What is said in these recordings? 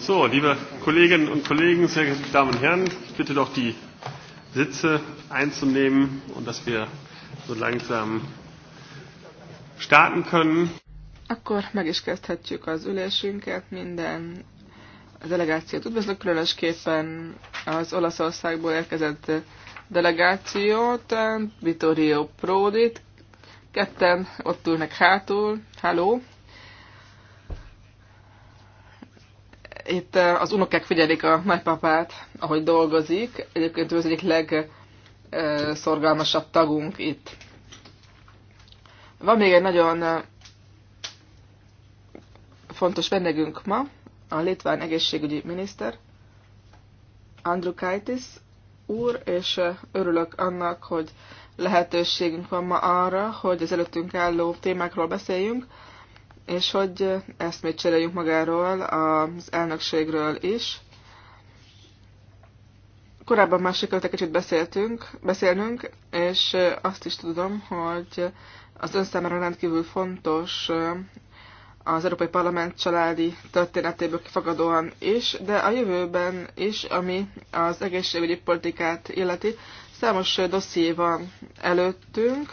So, liebe Kolleginnen und Kollegen, sehr geehrte Damen und Herren, ich bitte doch die Sitze einzunehmen und dass wir so langsam starten können. Akkor meg is kezdhetjük az ülésünket, minden a delegációt üdvözlök, különösképpen az Olaszországból érkezett delegációt, Vittorio Prodit, ketten ott ülnek hátul, Hello! itt eh, az unokák figyelik a nagypapát, ahogy dolgozik. Egyébként ő az egyik legszorgalmasabb eh, tagunk itt. Van még egy nagyon eh, fontos vendégünk ma, a litván egészségügyi miniszter, Kaitis úr, és örülök annak, hogy lehetőségünk van ma arra, hogy az előttünk álló témákról beszéljünk és hogy ezt még cseréljünk magáról az elnökségről is. Korábban már sikerült egy kicsit beszéltünk, beszélnünk, és azt is tudom, hogy az ön számára rendkívül fontos az Európai Parlament családi történetéből kifagadóan is, de a jövőben is, ami az egészségügyi politikát illeti, számos dosszié van előttünk,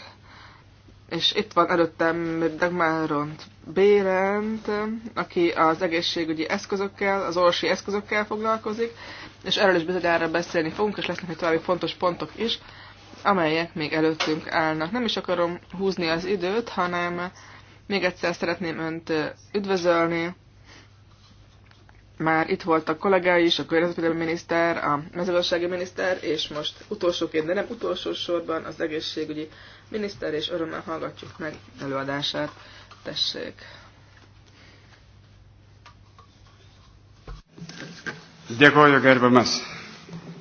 és itt van előttem Dagmar Ront Bérent, aki az egészségügyi eszközökkel, az orvosi eszközökkel foglalkozik, és erről is bizonyára beszélni fogunk, és lesznek egy további fontos pontok is, amelyek még előttünk állnak. Nem is akarom húzni az időt, hanem még egyszer szeretném Önt üdvözölni. Már itt voltak kollégái is, a környezetvédelmi miniszter, a mezőgazdasági miniszter, és most utolsóként, de nem utolsó sorban az egészségügyi miniszter, és örömmel hallgatjuk meg előadását tessék. Dėkoju gerbiamas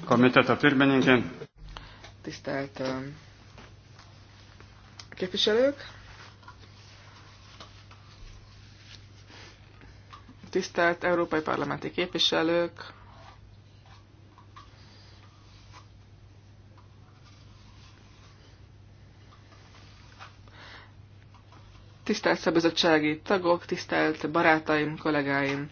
komiteto pirmininkė. Tisztelt um, képviselők, tisztelt európai parlamenti képviselők, Tisztelt szabizottsági tagok, tisztelt barátaim, kollégáim!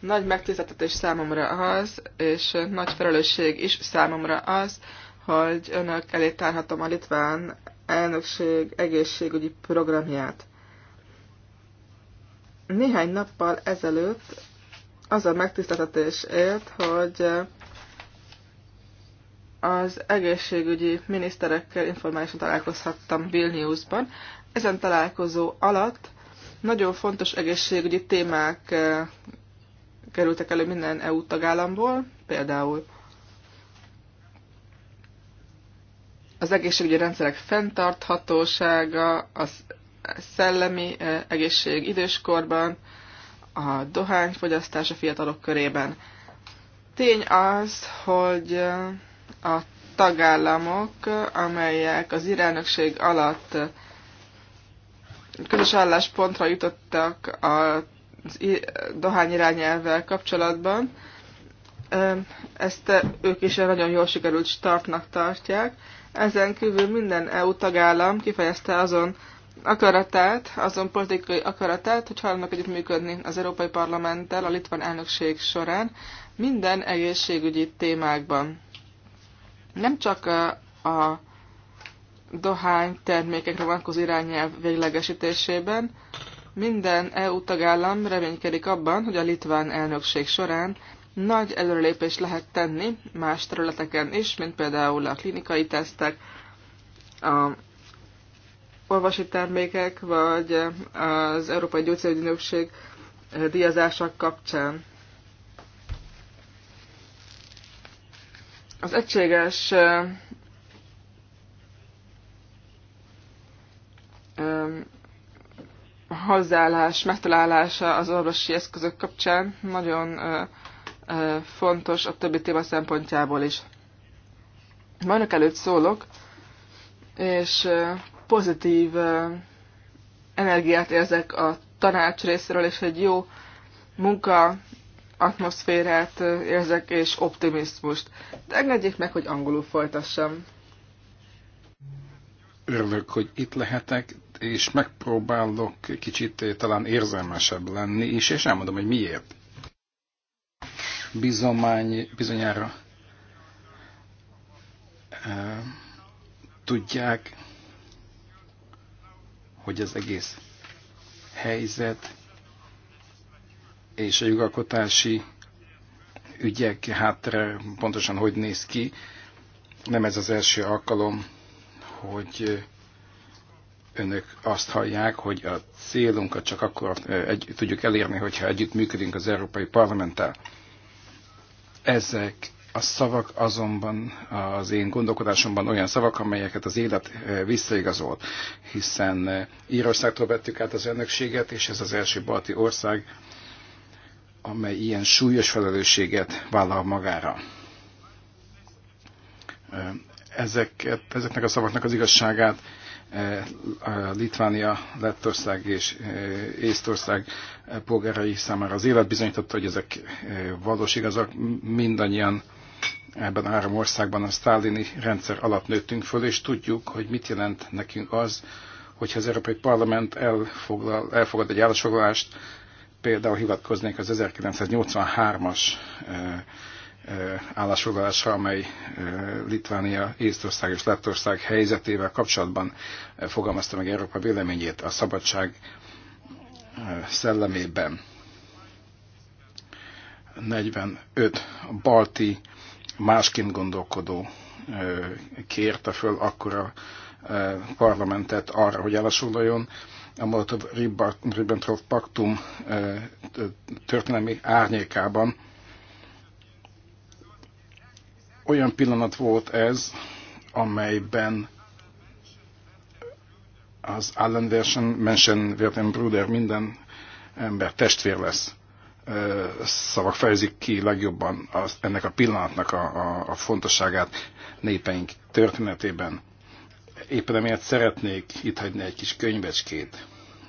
Nagy megtiszteltetés számomra az, és nagy felelősség is számomra az, hogy önök elé tárhatom a litván elnökség egészségügyi programját. Néhány nappal ezelőtt az a megtiszteltetés élt, hogy az egészségügyi miniszterekkel informálisan találkozhattam Vilniusban, ezen találkozó alatt nagyon fontos egészségügyi témák eh, kerültek elő minden EU tagállamból, például az egészségügyi rendszerek fenntarthatósága, a szellemi eh, egészség időskorban, a dohányfogyasztás a fiatalok körében. Tény az, hogy eh, a tagállamok, amelyek az irányokség alatt közös álláspontra jutottak a dohány irányelvvel kapcsolatban. Ezt ők is nagyon jól sikerült startnak tartják. Ezen kívül minden EU tagállam kifejezte azon akaratát, azon politikai akaratát, hogy együtt működni az Európai Parlamenttel a litván elnökség során minden egészségügyi témákban. Nem csak a, a dohány termékekre vonatkozó irányelv véglegesítésében. Minden EU tagállam reménykedik abban, hogy a litván elnökség során nagy előrelépés lehet tenni más területeken is, mint például a klinikai tesztek, a olvasi termékek, vagy az Európai Gyógyszerügynökség díjazások kapcsán. Az egységes hozzáállás, megtalálása az orvosi eszközök kapcsán nagyon fontos a többi téma szempontjából is. Vannak előtt szólok, és pozitív energiát érzek a tanács részéről, és egy jó munka atmoszférát érzek, és optimizmust. De engedjék meg, hogy angolul folytassam. Örülök, hogy itt lehetek és megpróbálok kicsit eh, talán érzelmesebb lenni is, és elmondom, hogy miért. Bizomány, bizonyára e, tudják, hogy az egész helyzet és a jogalkotási ügyek hátra pontosan hogy néz ki. Nem ez az első alkalom, hogy eh, önök azt hallják, hogy a célunkat csak akkor egy, tudjuk elérni, hogyha együtt működünk az Európai Parlamenttel. Ezek a szavak azonban az én gondolkodásomban olyan szavak, amelyeket az élet visszaigazol, hiszen Írországtól vettük át az elnökséget, és ez az első balti ország, amely ilyen súlyos felelősséget vállal magára. Ezeket, ezeknek a szavaknak az igazságát Eh, Litvánia, Lettország és eh, Észtország polgárai számára az élet bizonyította, hogy ezek eh, valós igazak. Mindannyian ebben a három országban a sztálini rendszer alatt nőttünk föl, és tudjuk, hogy mit jelent nekünk az, hogyha az Európai Parlament elfoglal, elfogad egy állásfoglalást, például hivatkoznék az 1983-as állásfoglalása, amely Litvánia, Észtország és Lettország helyzetével kapcsolatban fogalmazta meg Európa véleményét a szabadság szellemében. 45 balti másként gondolkodó kérte föl akkor a parlamentet arra, hogy elasuljon. A Molotov-Ribbentrop paktum történelmi árnyékában olyan pillanat volt ez, amelyben az Allenversen, Menschen, bruder minden ember testvér lesz szavak fejezik ki legjobban az, ennek a pillanatnak a, a, a fontosságát népeink történetében. Éppen emiatt szeretnék itt hagyni egy kis könyvecskét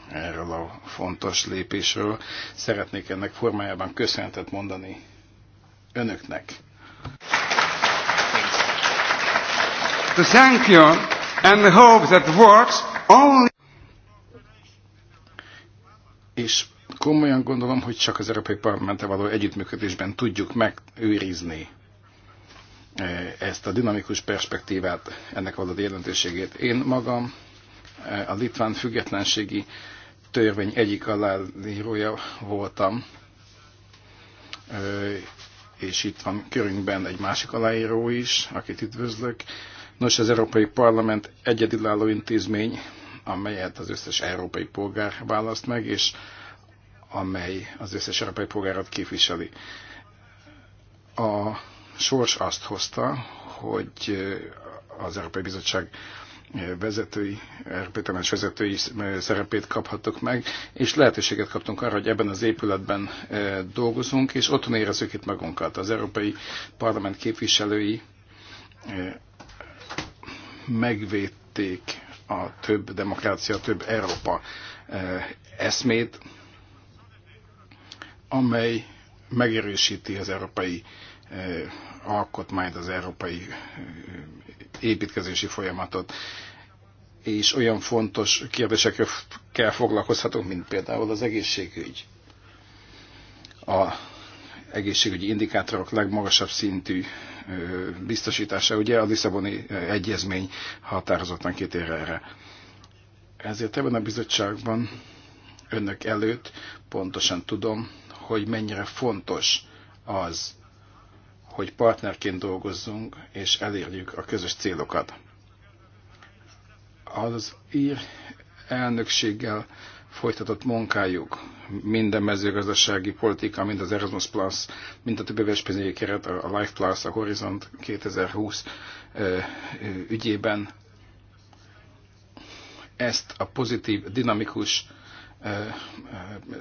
erről a fontos lépésről. Szeretnék ennek formájában köszönetet mondani önöknek, to thank you and hope that works only és komolyan gondolom, hogy csak az Európai Parlamenttel való együttműködésben tudjuk megőrizni e, ezt a dinamikus perspektívát, ennek való jelentőségét. Én magam e, a litván függetlenségi törvény egyik alálírója voltam, e, és itt van körünkben egy másik aláíró is, akit üdvözlök, Nos, az Európai Parlament egyedülálló intézmény, amelyet az összes európai polgár választ meg, és amely az összes európai polgárat képviseli. A sors azt hozta, hogy az Európai Bizottság vezetői, Európai Tanács vezetői szerepét kaphattuk meg, és lehetőséget kaptunk arra, hogy ebben az épületben e, dolgozunk, és otthon érezzük itt magunkat. Az Európai Parlament képviselői e, megvédték a több demokrácia, több Európa eh, eszmét, amely megerősíti az európai eh, alkotmányt, az európai eh, építkezési folyamatot, és olyan fontos kérdésekkel kell foglalkozhatunk, mint például az egészségügy. A egészségügyi indikátorok legmagasabb szintű biztosítása, ugye a Lisszaboni egyezmény határozottan kitér erre. Ezért ebben a bizottságban önök előtt pontosan tudom, hogy mennyire fontos az, hogy partnerként dolgozzunk és elérjük a közös célokat. Az ír elnökséggel folytatott munkájuk, mind a mezőgazdasági politika, mind az Erasmus Plus, mind a többi pénzügyi keret, a Life Plus, a Horizont 2020 ügyében ezt a pozitív, dinamikus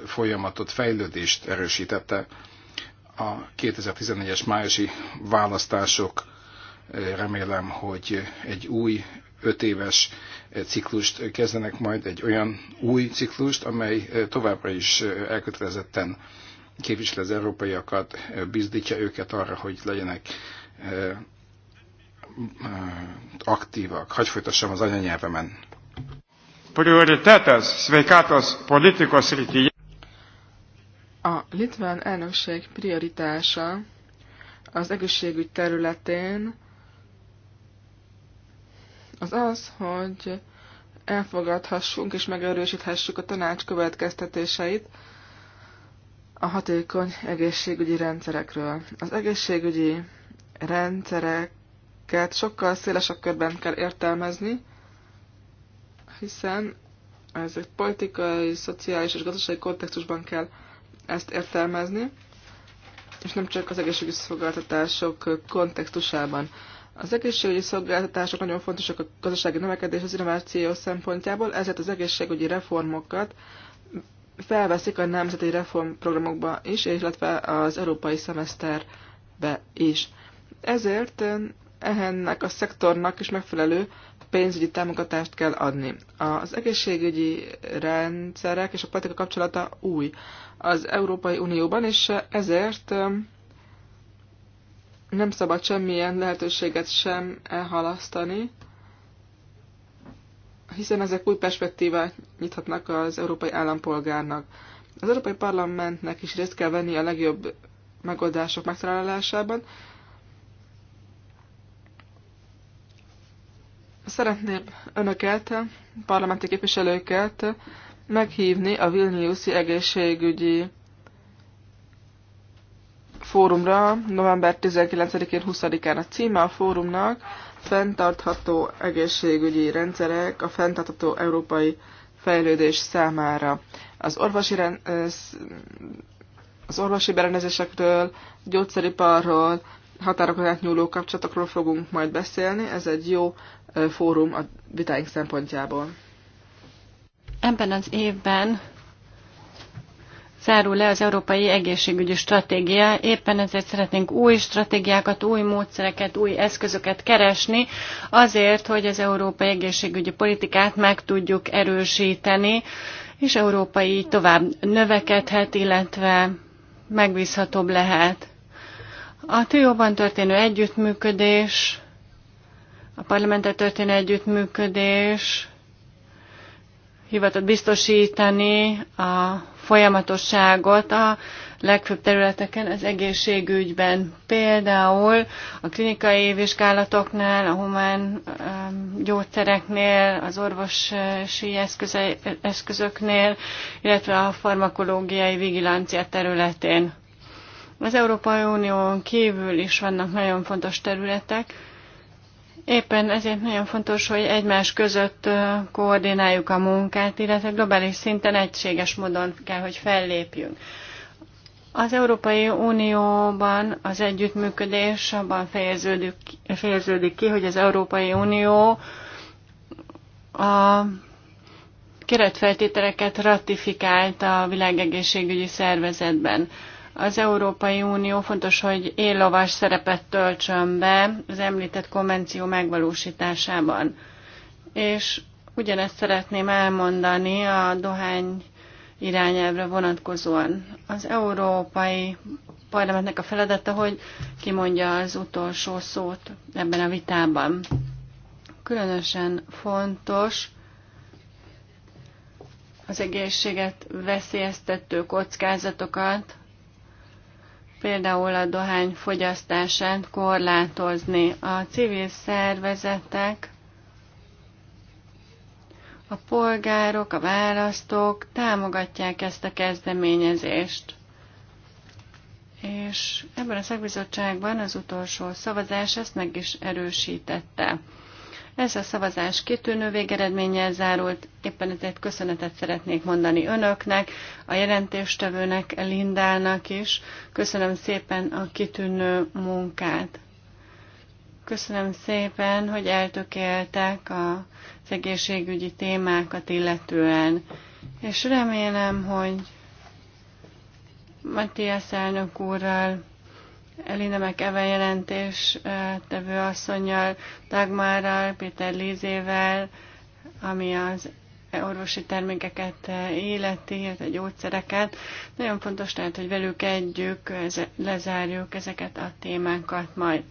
folyamatot, fejlődést erősítette a 2014-es májusi választások remélem, hogy egy új öt éves eh, ciklust kezdenek majd, egy olyan új ciklust, amely eh, továbbra is eh, elkötelezetten képvisel az európaiakat, bizdítja őket arra, hogy legyenek aktívak. Hagy folytassam az anyanyelvemen. Prioritetas sveikatos politikos srityje. A litván elnökség prioritása az egészségügy területén az az, hogy elfogadhassunk és megerősíthessük a tanács következtetéseit a hatékony egészségügyi rendszerekről. Az egészségügyi rendszereket sokkal szélesebb körben kell értelmezni, hiszen ez egy politikai, szociális és gazdasági kontextusban kell ezt értelmezni, és nem csak az egészségügyi szolgáltatások kontextusában. Az egészségügyi szolgáltatások nagyon fontosak a gazdasági növekedés az innováció szempontjából, ezért az egészségügyi reformokat felveszik a nemzeti reformprogramokba is, illetve az európai szemeszterbe is. Ezért ennek a szektornak is megfelelő pénzügyi támogatást kell adni. Az egészségügyi rendszerek és a politika kapcsolata új az Európai Unióban, és ezért nem szabad semmilyen lehetőséget sem elhalasztani, hiszen ezek új perspektívát nyithatnak az európai állampolgárnak. Az Európai Parlamentnek is részt kell venni a legjobb megoldások megtalálásában. Szeretném önöket, parlamenti képviselőket meghívni a Vilniuszi egészségügyi fórumra november 19-én 20-án a címe a fórumnak Fentartható egészségügyi rendszerek a fenntartható európai fejlődés számára. Az orvosi, rend, az orvosi berendezésekről, gyógyszeriparról, határokon átnyúló kapcsolatokról fogunk majd beszélni. Ez egy jó fórum a vitáink szempontjából. Ebben az évben zárul le az Európai Egészségügyi Stratégia. Éppen ezért szeretnénk új stratégiákat, új módszereket, új eszközöket keresni, azért, hogy az európai egészségügyi politikát meg tudjuk erősíteni, és európai tovább növekedhet, illetve megbízhatóbb lehet. A TIO-ban történő együttműködés, a parlamentet történő együttműködés, hivatott biztosítani a folyamatosságot a legfőbb területeken, az egészségügyben, például a klinikai vizsgálatoknál, a humán um, gyógyszereknél, az orvosi eszköze, eszközöknél, illetve a farmakológiai vigilancia területén. Az Európai Unión kívül is vannak nagyon fontos területek, Éppen ezért nagyon fontos, hogy egymás között koordináljuk a munkát, illetve globális szinten egységes módon kell, hogy fellépjünk. Az Európai Unióban az együttműködés abban fejeződik, fejeződik ki, hogy az Európai Unió a keretfeltételeket ratifikált a világegészségügyi szervezetben. Az Európai Unió fontos, hogy éllovas szerepet töltsön be az említett konvenció megvalósításában. És ugyanezt szeretném elmondani a dohány irányelvre vonatkozóan. Az Európai Parlamentnek a feladata, hogy kimondja az utolsó szót ebben a vitában. Különösen fontos az egészséget veszélyeztető kockázatokat például a dohány fogyasztását korlátozni. A civil szervezetek, a polgárok, a választók támogatják ezt a kezdeményezést. És ebben a szakbizottságban az utolsó szavazás ezt meg is erősítette. Ez a szavazás kitűnő végeredménnyel zárult. Éppen ezért köszönetet szeretnék mondani önöknek, a jelentéstevőnek, Lindának is. Köszönöm szépen a kitűnő munkát. Köszönöm szépen, hogy eltökéltek az egészségügyi témákat illetően, és remélem, hogy Matthias elnök úrral Elina McEwen jelentés tevő asszonyjal, Dagmárral, Péter Lízével, ami az orvosi termékeket életi, illetve gyógyszereket. Nagyon fontos lehet, hogy velük együk lezárjuk ezeket a témákat majd.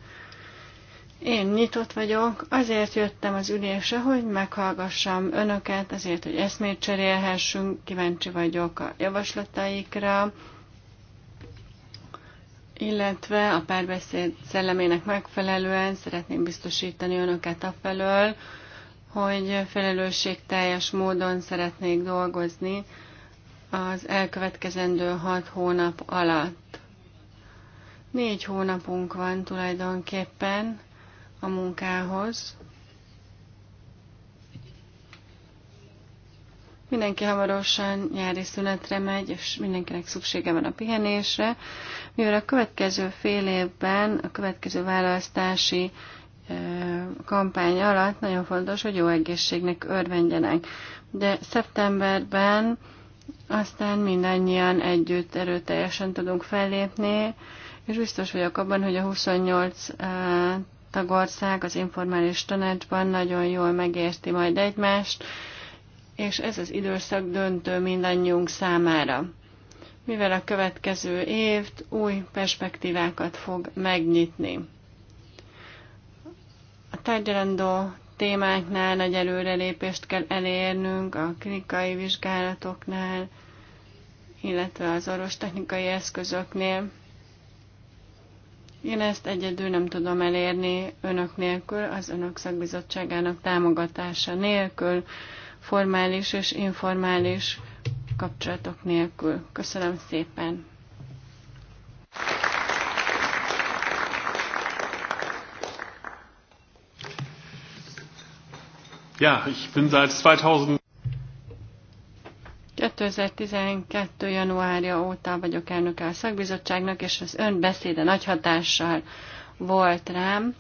Én nyitott vagyok, azért jöttem az ülésre, hogy meghallgassam önöket, azért, hogy eszmét cserélhessünk, kíváncsi vagyok a javaslataikra, illetve a párbeszéd szellemének megfelelően szeretném biztosítani önöket afelől, hogy felelősségteljes módon szeretnék dolgozni az elkövetkezendő hat hónap alatt. Négy hónapunk van tulajdonképpen a munkához, Mindenki hamarosan nyári szünetre megy, és mindenkinek szüksége van a pihenésre, mivel a következő fél évben, a következő választási kampány alatt nagyon fontos, hogy jó egészségnek örvendjenek. De szeptemberben aztán mindannyian együtt erőteljesen tudunk fellépni, és biztos vagyok abban, hogy a 28 tagország az informális tanácsban nagyon jól megérti majd egymást, és ez az időszak döntő mindannyiunk számára, mivel a következő évt új perspektívákat fog megnyitni. A tárgyalandó témáknál nagy előrelépést kell elérnünk, a klinikai vizsgálatoknál, illetve az technikai eszközöknél. Én ezt egyedül nem tudom elérni önök nélkül, az önök szakbizottságának támogatása nélkül formális és informális kapcsolatok nélkül. Köszönöm szépen! Ja, ich bin seit 2000 2012. januárja óta vagyok elnöke a szakbizottságnak, és az ön beszéde nagy hatással volt rám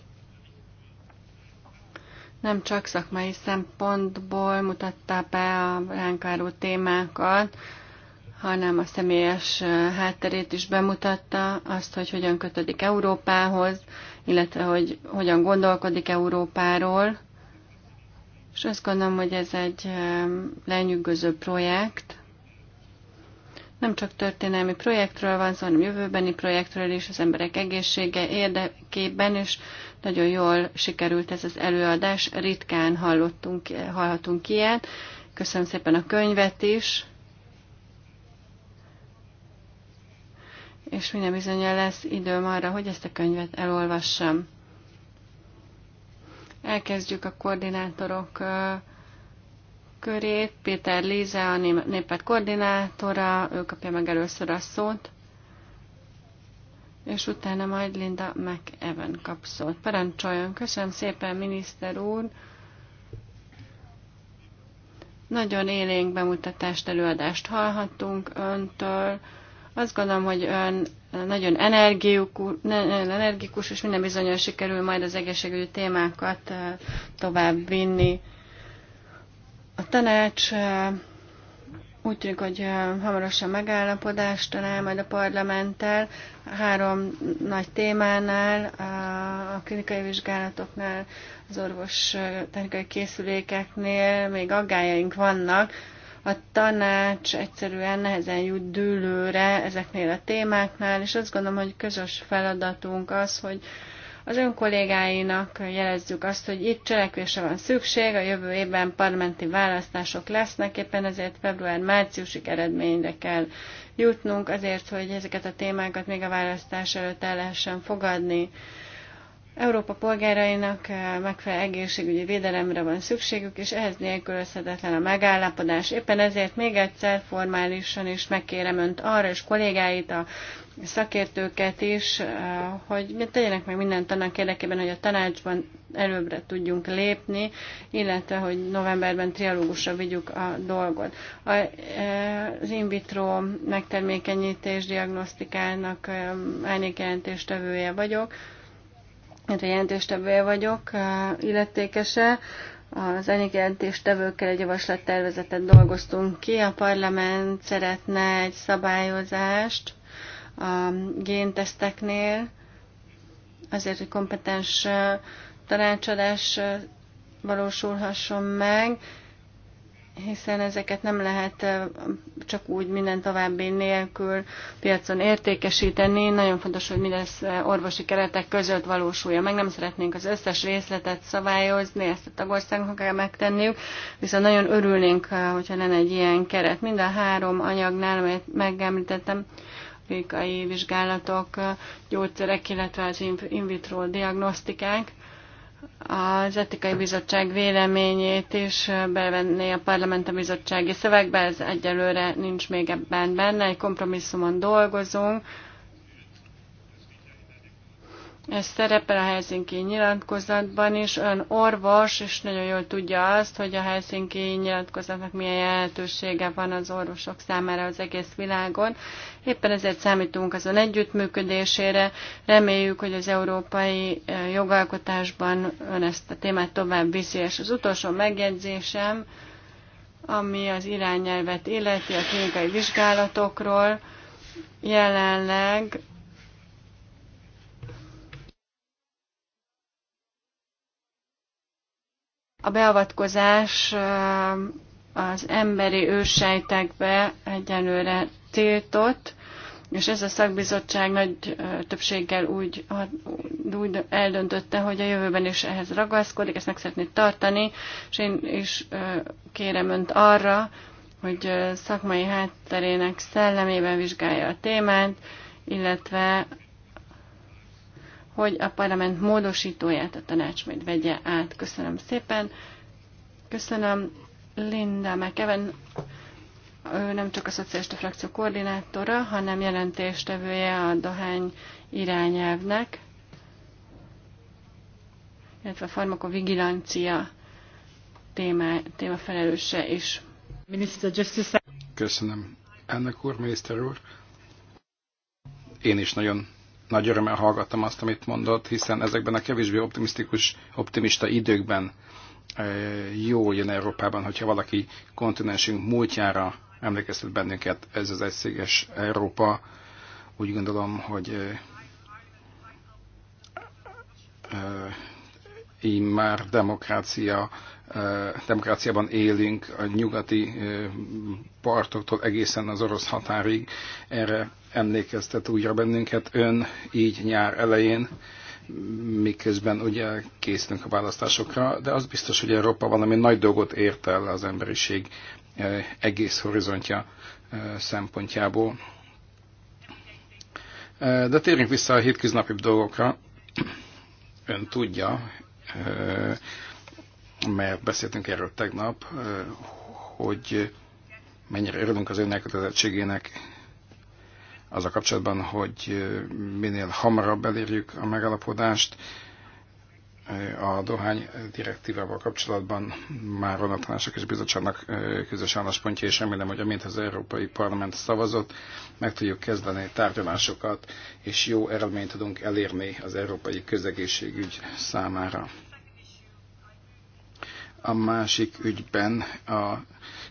nem csak szakmai szempontból mutatta be a ránk álló témákat, hanem a személyes hátterét is bemutatta, azt, hogy hogyan kötődik Európához, illetve hogy hogyan gondolkodik Európáról. És azt gondolom, hogy ez egy lenyűgöző projekt. Nem csak történelmi projektről van szó, hanem jövőbeni projektről is, az emberek egészsége érdekében, és nagyon jól sikerült ez az előadás, ritkán hallottunk, hallhatunk ilyet. Köszönöm szépen a könyvet is. És minden bizonyal lesz időm arra, hogy ezt a könyvet elolvassam. Elkezdjük a koordinátorok körét. Péter Líze, a Népet koordinátora, ő kapja meg először a szót és utána majd Linda McEwen kap szót. Parancsoljon, köszönöm szépen, miniszter úr! Nagyon élénk bemutatást, előadást hallhattunk öntől. Azt gondolom, hogy ön nagyon energikus, és minden bizonyos sikerül majd az egészségügyi témákat eh, tovább vinni. A tanács eh, úgy tűnik, hogy hamarosan megállapodást talál majd a parlamenttel, három nagy témánál, a klinikai vizsgálatoknál, az orvos technikai készülékeknél még aggájaink vannak. A tanács egyszerűen nehezen jut dőlőre ezeknél a témáknál, és azt gondolom, hogy közös feladatunk az, hogy az ön kollégáinak jelezzük azt, hogy itt cselekvésre van szükség, a jövő évben parlamenti választások lesznek, éppen ezért február-márciusig eredményre kell jutnunk, azért, hogy ezeket a témákat még a választás előtt el lehessen fogadni. Európa polgárainak megfelelő egészségügyi védelemre van szükségük, és ehhez nélkülözhetetlen a megállapodás. Éppen ezért még egyszer formálisan is megkérem Önt arra és kollégáit a szakértőket is, eh, hogy tegyenek meg mindent annak érdekében, hogy a tanácsban előbbre tudjunk lépni, illetve hogy novemberben trialógusra vigyük a dolgot. Eh, az in vitro megtermékenyítés diagnosztikának eh, jelentéstevője vagyok, illetve jelentéstevője vagyok, illetékese. Az jelentéstevőkkel egy javaslattervezetet dolgoztunk ki. A parlament szeretne egy szabályozást, a génteszteknél, azért, hogy kompetens tanácsadás valósulhasson meg, hiszen ezeket nem lehet csak úgy minden további nélkül piacon értékesíteni. Nagyon fontos, hogy mindez orvosi keretek között valósulja meg. Nem szeretnénk az összes részletet szabályozni, ezt a tagországnak kell megtenniük, viszont nagyon örülnénk, hogyha lenne egy ilyen keret. Mind a három anyagnál, amelyet megemlítettem, klinikai vizsgálatok, gyógyszerek, illetve az in vitro diagnosztikák. Az etikai bizottság véleményét is bevenné a parlamenti bizottsági szövegbe, ez egyelőre nincs még ebben benne, egy kompromisszumon dolgozunk, ez szerepel a Helsinki nyilatkozatban is. Ön orvos, és nagyon jól tudja azt, hogy a Helsinki nyilatkozatnak milyen jelentősége van az orvosok számára az egész világon. Éppen ezért számítunk azon együttműködésére. Reméljük, hogy az európai eh, jogalkotásban ön ezt a témát tovább viszi. És az utolsó megjegyzésem, ami az irányelvet illeti a klinikai vizsgálatokról, jelenleg A beavatkozás az emberi ősejtekbe egyelőre tiltott, és ez a szakbizottság nagy többséggel úgy, úgy eldöntötte, hogy a jövőben is ehhez ragaszkodik, ezt meg szeretné tartani, és én is kérem Önt arra, hogy szakmai hátterének szellemében vizsgálja a témát, illetve hogy a parlament módosítóját a tanács majd vegye át. Köszönöm szépen. Köszönöm Linda McEwen, ő nem csak a szociálista frakció koordinátora, hanem jelentéstevője a dohány irányelvnek, illetve a farmakovigilancia téma, téma felelőse is. Minister Justice. Köszönöm. Ennek úr, miniszter úr. Én is nagyon nagy örömmel hallgattam azt, amit mondott, hiszen ezekben a kevésbé optimisztikus, optimista időkben eh, jól jön Európában, hogyha valaki kontinensünk múltjára emlékeztet bennünket. Ez az egységes Európa. Úgy gondolom, hogy eh, eh, így már demokrácia, demokráciában élünk a nyugati partoktól egészen az orosz határig. Erre emlékeztet újra bennünket ön így nyár elején, miközben ugye készülünk a választásokra, de az biztos, hogy Európa valami nagy dolgot ért el az emberiség eh, egész horizontja eh, szempontjából. Eh, de térjünk vissza a hétköznapi dolgokra. Ön tudja, mert beszéltünk erről tegnap, hogy mennyire örülünk az ön elkötelezettségének az a kapcsolatban, hogy minél hamarabb elérjük a megalapodást, A dohány direktívával kapcsolatban már a tanácsok és bizottságnak közös álláspontja, és remélem, hogy amint az Európai Parlament szavazott, meg tudjuk kezdeni tárgyalásokat, és jó eredményt tudunk elérni az európai közegészségügy számára. A másik ügyben a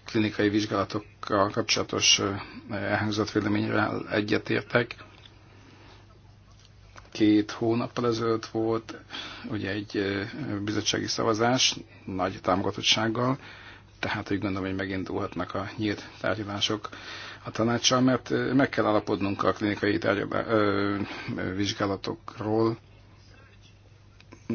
klinikai vizsgálatokkal kapcsolatos elhangzott véleményrel egyetértek. Két hónappal ezelőtt volt ugye egy bizottsági szavazás nagy támogatottsággal, tehát úgy gondolom, hogy megindulhatnak a nyílt tárgyalások a tanácssal, mert meg kell alapodnunk a klinikai tárgyal, ö, vizsgálatokról,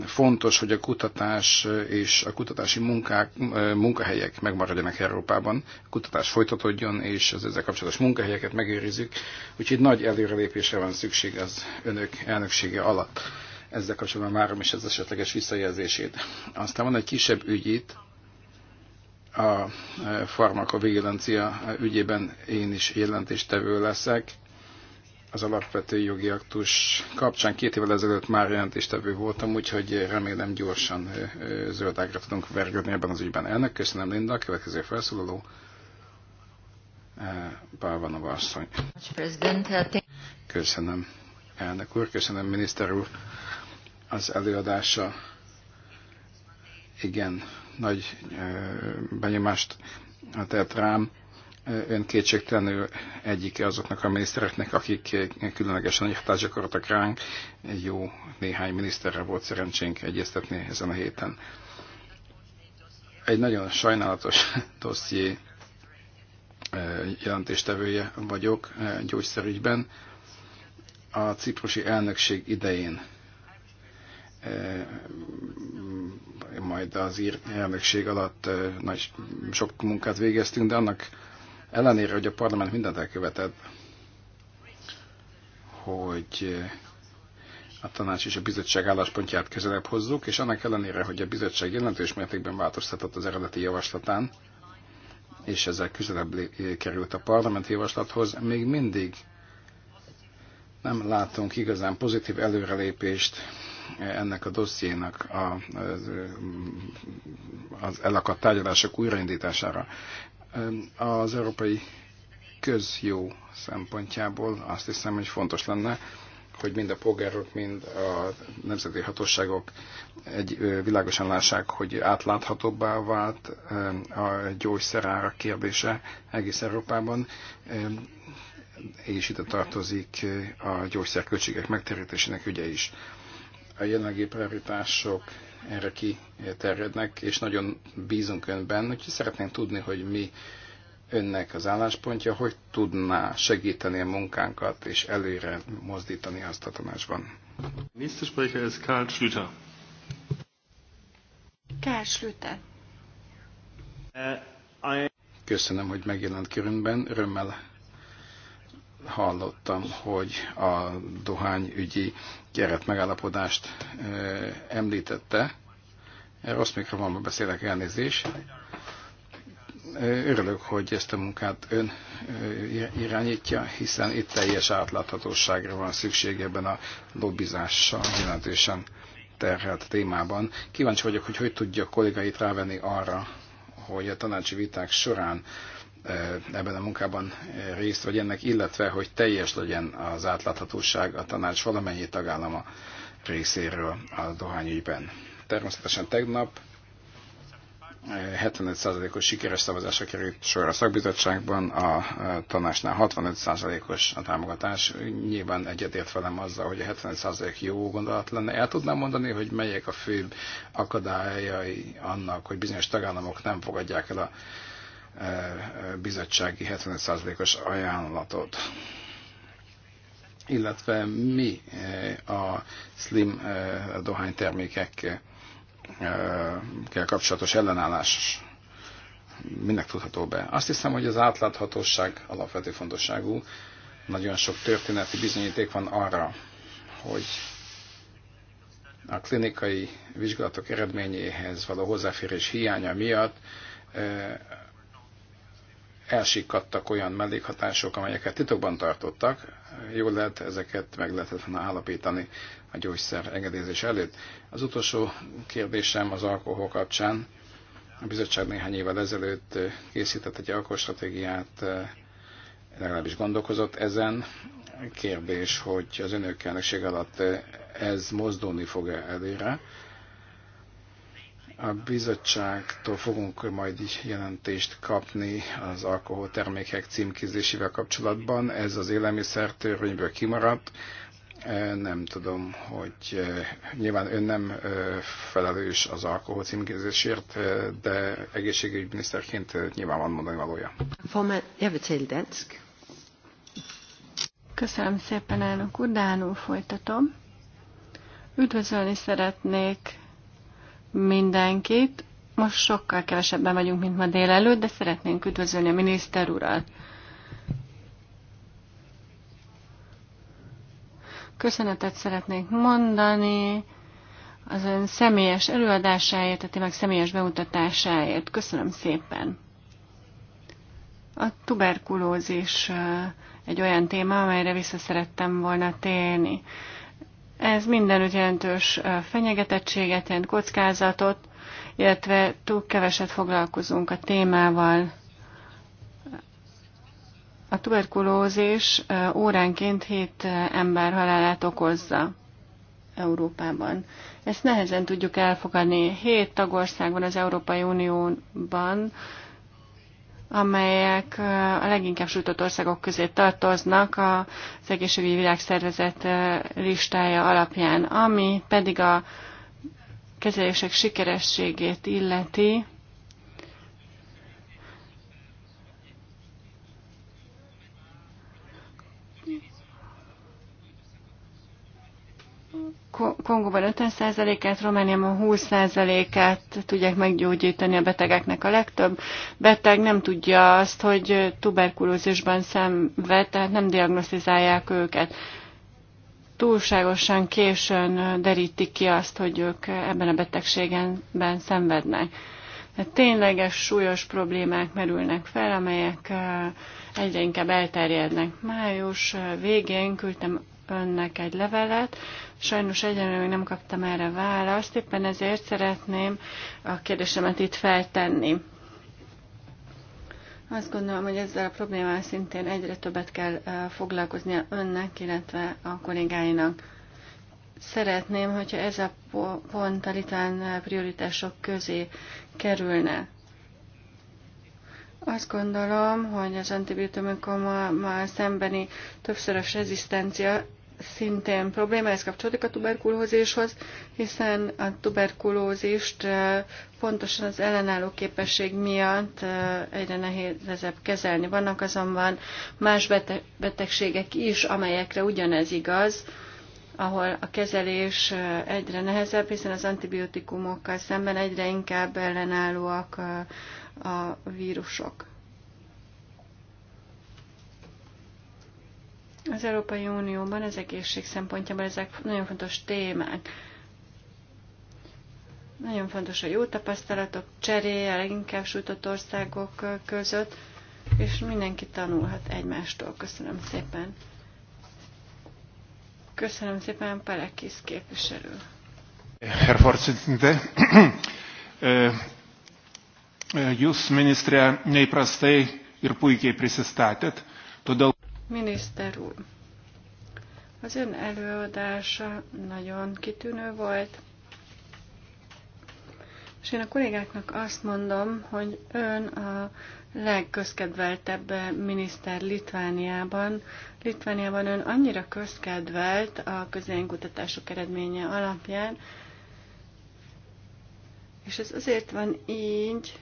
fontos, hogy a kutatás és a kutatási munkák, munkahelyek megmaradjanak Európában, a kutatás folytatódjon, és az ezzel kapcsolatos munkahelyeket megőrizzük, úgyhogy nagy előrelépésre van szükség az önök elnöksége alatt. Ezzel kapcsolatban már is az esetleges visszajelzését. Aztán van egy kisebb ügy itt, a farmakovigilancia ügyében én is jelentéstevő leszek az alapvető jogi aktus kapcsán két évvel ezelőtt már jelentéstevő voltam, úgyhogy remélem gyorsan zöldágra tudunk vergődni ebben az ügyben. Elnök, köszönöm Linda, következő felszólaló. a vászony. Uh, köszönöm, elnök úr, köszönöm, miniszter úr. Az előadása igen nagy benyomást tett rám Ön kétségtelenül egyike azoknak a minisztereknek, akik különlegesen nyugtást akartak ránk. Jó néhány miniszterre volt szerencsénk egyeztetni ezen a héten. Egy nagyon sajnálatos dosszié jelentéstevője vagyok gyógyszerügyben. A ciprusi elnökség idején majd az ír elnökség alatt nagy, sok munkát végeztünk, de annak Ellenére, hogy a parlament mindent elkövetett, hogy a tanács és a bizottság álláspontját közelebb hozzuk, és annak ellenére, hogy a bizottság jelentős mértékben változtatott az eredeti javaslatán, és ezzel közelebb került a parlament javaslathoz, még mindig nem látunk igazán pozitív előrelépést ennek a dossziénak az elakadt tárgyalások újraindítására az európai közjó szempontjából azt hiszem, hogy fontos lenne, hogy mind a polgárok, mind a nemzeti hatóságok egy világosan lássák, hogy átláthatóbbá vált a gyógyszerára kérdése egész Európában, és ide tartozik a gyógyszerköltségek megterítésének ügye is. A jelenlegi prioritások erre kiterjednek, és nagyon bízunk önben, úgyhogy szeretnénk tudni, hogy mi önnek az álláspontja, hogy tudná segíteni a munkánkat és előre mozdítani azt a tanácsban. Nächste Sprecher ist Karl Schlüter. Karl Schlüter. Äh, Köszönöm, hogy megjelent körünkben. Örömmel hallottam, hogy a dohányügyi keretmegállapodást említette. Rossz mikrofonban beszélek, elnézés. Örülök, hogy ezt a munkát ön irányítja, hiszen itt teljes átláthatóságra van szükség ebben a lobbizással jelentősen terhelt témában. Kíváncsi vagyok, hogy hogy tudja kollégáit rávenni arra, hogy a tanácsi viták során ebben a munkában részt vagy ennek illetve hogy teljes legyen az átláthatóság a tanács valamennyi tagállama részéről a dohányügyben. Természetesen tegnap 75%-os sikeres szavazásra került sor a szakbizottságban, a tanácsnál 65%-os a támogatás. Nyilván egyetért velem azzal, hogy a 75% jó gondolat lenne. El tudnám mondani, hogy melyek a főbb akadályai annak, hogy bizonyos tagállamok nem fogadják el a E, bizottsági 75%-os ajánlatot illetve mi e, a slim e, dohánytermékekkel kapcsolatos ellenállás minek tudható be. Azt hiszem, hogy az átláthatóság alapvető fontosságú. Nagyon sok történeti bizonyíték van arra, hogy a klinikai vizsgálatok eredményéhez való hozzáférés hiánya miatt elsikadtak olyan mellékhatások, amelyeket titokban tartottak. Jól lehet, ezeket meg lehetett volna állapítani a gyógyszer engedélyezés előtt. Az utolsó kérdésem az alkohol kapcsán. A bizottság néhány évvel ezelőtt készített egy alkoholstratégiát, legalábbis gondolkozott ezen. Kérdés, hogy az önök elnökség alatt ez mozdulni fog-e előre, a bizottságtól fogunk majd is jelentést kapni az alkoholtermékek címkézésével kapcsolatban. Ez az élelmiszertörvényből kimaradt. Nem tudom, hogy nyilván ön nem felelős az alkohol címkézésért, de miniszterként nyilván van mondani valója. Köszönöm szépen, elnök úr, Dánul folytatom. Üdvözölni szeretnék mindenkit. Most sokkal kevesebben vagyunk, mint ma délelőtt, de szeretnénk üdvözölni a miniszter urat. Köszönetet szeretnék mondani az ön személyes előadásáért, tehát meg személyes bemutatásáért. Köszönöm szépen. A tuberkulózis egy olyan téma, amelyre vissza szerettem volna térni. Ez mindenütt jelentős fenyegetettséget, jelent kockázatot, illetve túl keveset foglalkozunk a témával. A tuberkulózis óránként hét ember halálát okozza Európában. Ezt nehezen tudjuk elfogadni. Hét tagországban az Európai Unióban, amelyek a leginkább sújtott országok közé tartoznak az egészségügyi világszervezet listája alapján, ami pedig a kezelések sikerességét illeti, Kongóban 50%-át, Romániában 20%-át tudják meggyógyítani a betegeknek a legtöbb. Beteg nem tudja azt, hogy tuberkulózisban szenved, tehát nem diagnosztizálják őket. Túlságosan későn derítik ki azt, hogy ők ebben a betegségenben szenvednek. Tehát tényleges súlyos problémák merülnek fel, amelyek eh, egyre inkább elterjednek. Május eh, végén küldtem önnek egy levelet. Sajnos még nem kaptam erre választ, éppen ezért szeretném a kérdésemet itt feltenni. Azt gondolom, hogy ezzel a problémával szintén egyre többet kell foglalkoznia önnek, illetve a kollégáinak. Szeretném, hogyha ez a pont a litán prioritások közé kerülne. Azt gondolom, hogy az antibiotikumokkal szembeni többszörös rezisztencia szintén probléma, ez kapcsolódik a tuberkulózishoz, hiszen a tuberkulózist pontosan az ellenálló képesség miatt egyre nehézebb kezelni. Vannak azonban más betegségek is, amelyekre ugyanez igaz, ahol a kezelés egyre nehezebb, hiszen az antibiotikumokkal szemben egyre inkább ellenállóak a vírusok. Az Európai Unióban az egészség szempontjából ezek nagyon fontos témák. Nagyon fontos a jó tapasztalatok cseréje a leginkább sújtott országok között, és mindenki tanulhat egymástól. Köszönöm szépen. Köszönöm szépen, Pelekis képviselő. Herr Vorsitzende, äh, Jūs, ministrė, neįprastai ir puikiai prisistatėt, todėl... Miniszter úr, az ön előadása nagyon kitűnő volt, és én a kollégáknak azt mondom, hogy ön a legközkedveltebb miniszter Litvániában. Litvániában ön annyira közkedvelt a közénkutatások eredménye alapján, és ez azért van így,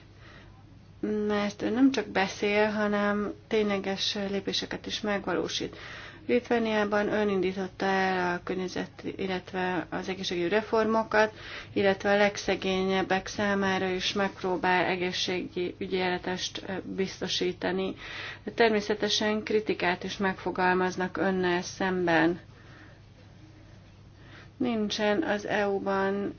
mert ő nem csak beszél, hanem tényleges lépéseket is megvalósít. Litvániában ön indította el a környezet, illetve az egészségügyi reformokat, illetve a legszegényebbek számára is megpróbál egészségügyi ügyeletest biztosítani. De természetesen kritikát is megfogalmaznak önnel szemben. Nincsen az EU-ban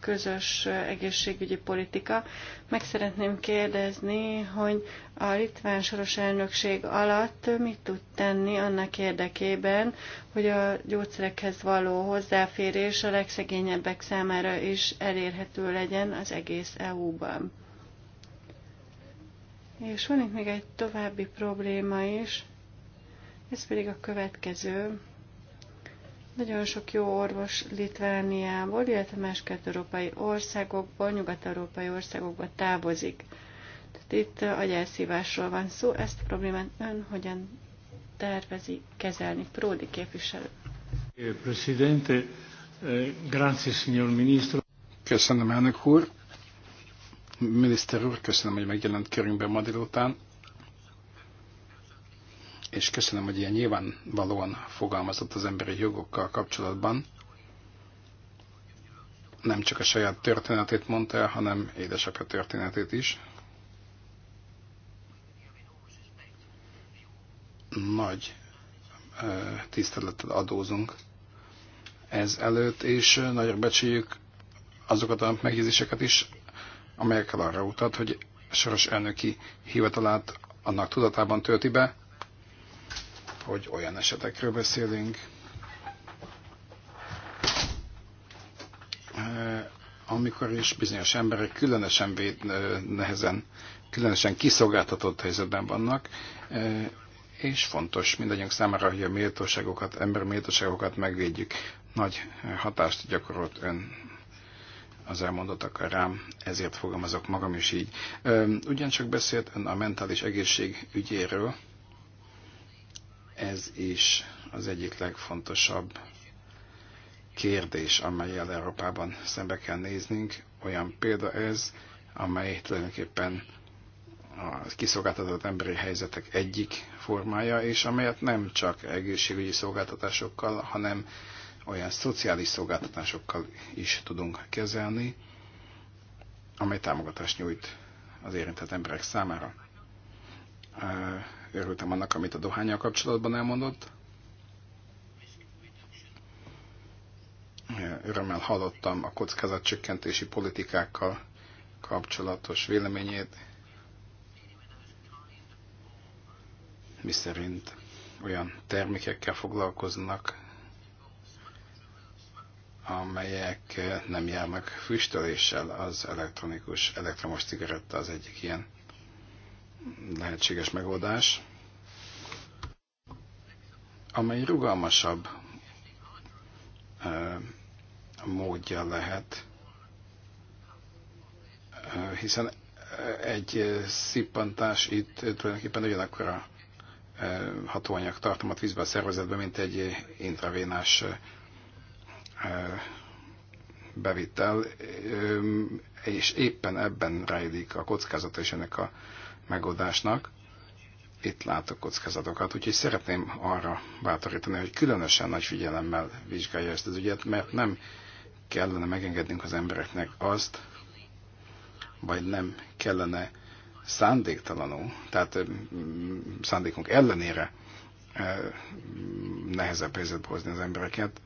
közös egészségügyi politika. Meg szeretném kérdezni, hogy a litván soros elnökség alatt mit tud tenni annak érdekében, hogy a gyógyszerekhez való hozzáférés a legszegényebbek számára is elérhető legyen az egész EU-ban. És van itt még egy további probléma is, ez pedig a következő. Nagyon sok jó orvos Litvániából, illetve más európai országokból, nyugat-európai országokba távozik. Tehát itt uh, agyelszívásról van szó, ezt a problémát ön hogyan tervezi kezelni? Pródi képviselő. Eh, Presidente, eh, grazie signor ministro. Köszönöm, elnök úr. Miniszter úr, köszönöm, hogy megjelent körünkben ma délután és köszönöm, hogy ilyen nyilvánvalóan fogalmazott az emberi jogokkal kapcsolatban. Nem csak a saját történetét mondta el, hanem édesapja történetét is. Nagy tisztelettel adózunk ez előtt, és nagyra becsüljük azokat a megjegyzéseket is, amelyekkel arra utat, hogy soros elnöki hivatalát annak tudatában tölti be, hogy olyan esetekről beszélünk, eh, amikor is bizonyos emberek különösen véd, eh, nehezen, különösen kiszolgáltatott helyzetben vannak, eh, és fontos mindannyiunk számára, hogy a méltóságokat, ember méltóságokat megvédjük. Nagy hatást gyakorolt ön az elmondottak rám, ezért fogalmazok magam is így. Ugyancsak beszélt ön a mentális egészség ügyéről, ez is az egyik legfontosabb kérdés, amelyel Európában szembe kell néznünk. Olyan példa ez, amely tulajdonképpen a kiszolgáltatott emberi helyzetek egyik formája, és amelyet nem csak egészségügyi szolgáltatásokkal, hanem olyan szociális szolgáltatásokkal is tudunk kezelni, amely támogatást nyújt az érintett emberek számára örültem annak, amit a dohányjal kapcsolatban elmondott. Örömmel hallottam a kockázatcsökkentési politikákkal kapcsolatos véleményét, miszerint olyan termékekkel foglalkoznak, amelyek nem járnak füstöléssel, az elektronikus, elektromos cigaretta az egyik ilyen lehetséges megoldás, amely rugalmasabb módja lehet, hiszen egy szippantás itt tulajdonképpen ugyanakkora hatóanyag tartomat vízbe a szervezetbe, mint egy intravénás bevitel, és éppen ebben rejlik a kockázata és ennek a megoldásnak. Itt látok kockázatokat, úgyhogy szeretném arra bátorítani, hogy különösen nagy figyelemmel vizsgálja ezt az ügyet, mert nem kellene megengednünk az embereknek azt, vagy nem kellene szándéktalanul, tehát szándékunk ellenére nehezebb helyzetbe hozni az embereket,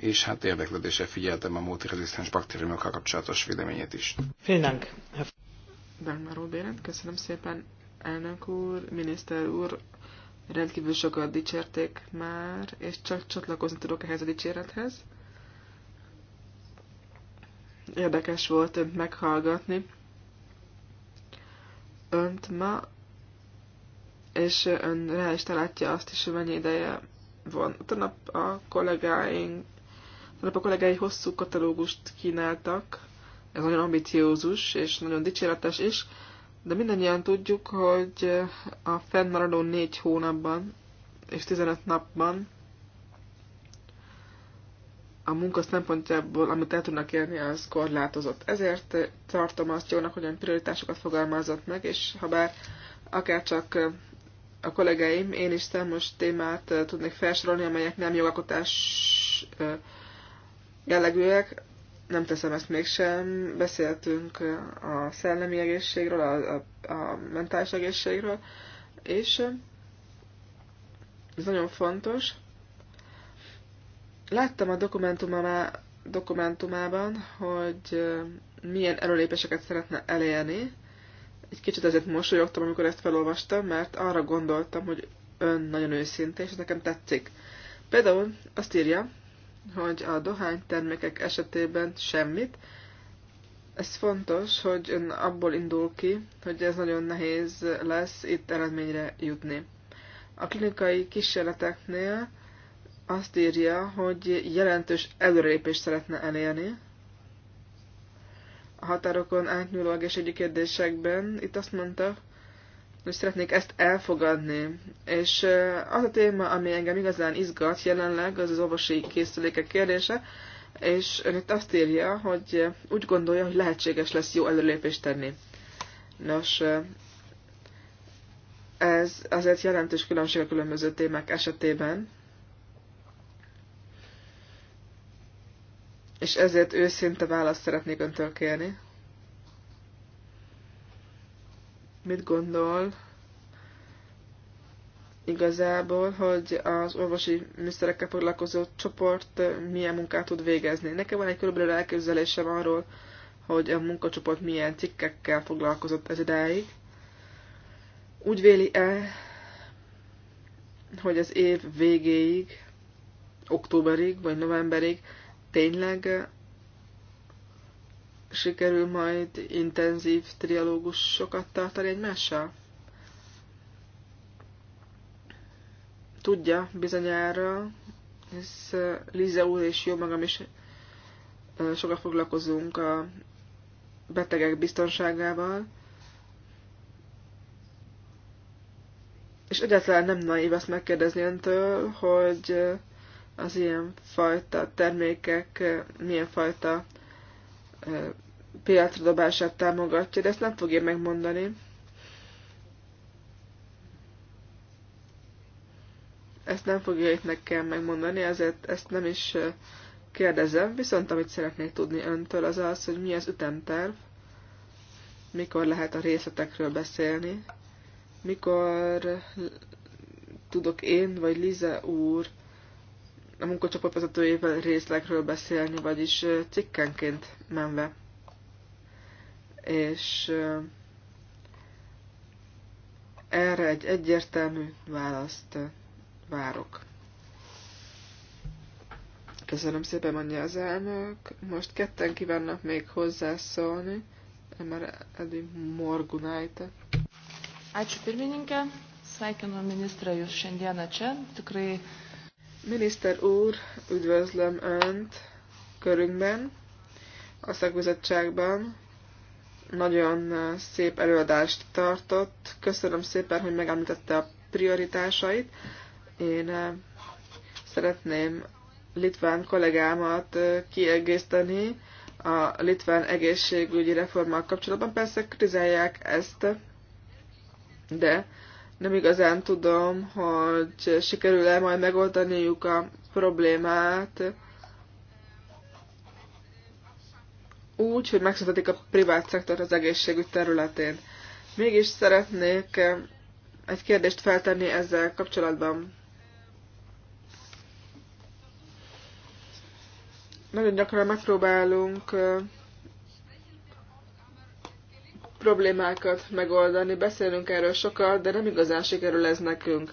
és hát érdeklődéssel figyeltem a multirezisztens baktériumokkal kapcsolatos véleményét is. Dagmar Óbérend, köszönöm szépen, elnök úr, miniszter úr, rendkívül sokat dicsérték már, és csak csatlakozni tudok ehhez a dicsérethez. Érdekes volt önt meghallgatni. Önt ma, és ön rá is találja azt is, hogy mennyi ideje van. tanap a kollégáink, tanap a kollégái hosszú katalógust kínáltak, ez nagyon ambiciózus és nagyon dicséretes is, de mindannyian tudjuk, hogy a fennmaradó négy hónapban és 15 napban a munka szempontjából, amit el tudnak érni, az korlátozott. Ezért tartom azt jónak, hogy olyan prioritásokat fogalmazott meg, és ha bár akárcsak a kollégáim, én is számos témát tudnék felsorolni, amelyek nem jogalkotás jellegűek, nem teszem ezt mégsem, beszéltünk a szellemi egészségről, a, a, a mentális egészségről, és ez nagyon fontos. Láttam a dokumentumában, hogy milyen erőlépéseket szeretne elérni. Egy kicsit ezért mosolyogtam, amikor ezt felolvastam, mert arra gondoltam, hogy ön nagyon őszinte, és nekem tetszik. Például azt írja, hogy a dohánytermékek esetében semmit. Ez fontos, hogy ön abból indul ki, hogy ez nagyon nehéz lesz itt eredményre jutni. A klinikai kísérleteknél azt írja, hogy jelentős előrépést szeretne elérni a határokon átnyúló egészségügyi kérdésekben. Itt azt mondta, és szeretnék ezt elfogadni. És az a téma, ami engem igazán izgat jelenleg, az az orvosi készülékek kérdése, és ön itt azt írja, hogy úgy gondolja, hogy lehetséges lesz jó előlépést tenni. Nos, ez azért jelentős különbség a különböző témák esetében, és ezért őszinte választ szeretnék öntől kérni. mit gondol igazából, hogy az orvosi műszerekkel foglalkozó csoport milyen munkát tud végezni. Nekem van egy körülbelül elképzelésem arról, hogy a munkacsoport milyen cikkekkel foglalkozott ez idáig. Úgy véli-e, hogy az év végéig, októberig vagy novemberig tényleg sikerül majd intenzív trialógusokat tartani egymással? Tudja bizonyára, ez Lize úr és jó magam is sokat foglalkozunk a betegek biztonságával, és egyáltalán nem naív azt megkérdezni öntől, hogy az ilyen fajta termékek milyen fajta piacra dobását támogatja, de ezt nem fogja megmondani. Ezt nem fogja itt nekem megmondani, ezért ezt nem is kérdezem, viszont amit szeretnék tudni öntől az az, hogy mi az ütemterv, mikor lehet a részletekről beszélni, mikor tudok én vagy Liza úr a munkacsoport vezetőjével részlegről beszélni, vagyis cikkenként menve. És erre egy egyértelmű választ várok. Köszönöm szépen, mondja az elnök. Most ketten kívánnak még hozzászólni. Már Edi Morgunájta. Ačiū pirmininkė, sveikinam ministrą jūs šiandieną čia. Tikrai Miniszter úr, üdvözlöm Önt körünkben, a szakbizottságban. Nagyon uh, szép előadást tartott. Köszönöm szépen, hogy megemlítette a prioritásait. Én uh, szeretném litván kollégámat uh, kiegészteni a litván egészségügyi reformmal kapcsolatban. Persze kritizálják ezt, de nem igazán tudom, hogy sikerül-e majd megoldaniuk a problémát úgy, hogy megszületik a privát szektor az egészségügy területén. Mégis szeretnék egy kérdést feltenni ezzel kapcsolatban. Nagyon gyakran megpróbálunk problémákat megoldani. Beszélünk erről sokat, de nem igazán sikerül ez nekünk.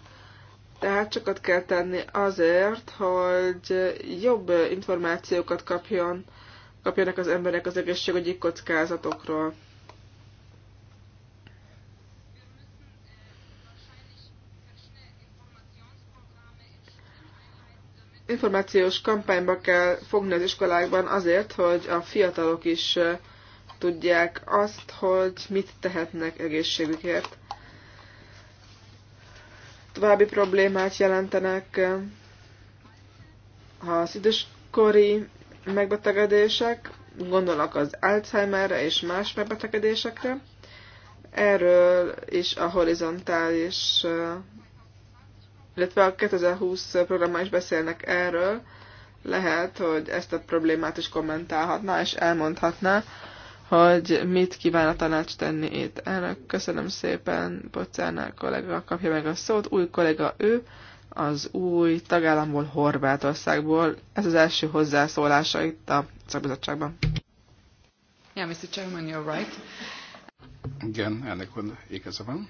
Tehát sokat kell tenni azért, hogy jobb információkat kapjon, kapjanak az emberek az egészségügyi kockázatokról. Információs kampányba kell fogni az iskolákban azért, hogy a fiatalok is tudják azt, hogy mit tehetnek egészségükért. További problémát jelentenek az időskori megbetegedések, gondolok az Alzheimerre és más megbetegedésekre. Erről is a horizontális, illetve a 2020 programban is beszélnek erről. Lehet, hogy ezt a problémát is kommentálhatná és elmondhatná, hogy mit kíván a tanács tenni itt. Erre köszönöm szépen, Bocánál kollega kapja meg a szót. Új kollega ő, az új tagállamból, Horvátországból. Ez az első hozzászólása itt a szakbizottságban. Yeah, Mr. Chairman, you're right. Igen, ennek úr, igaza van.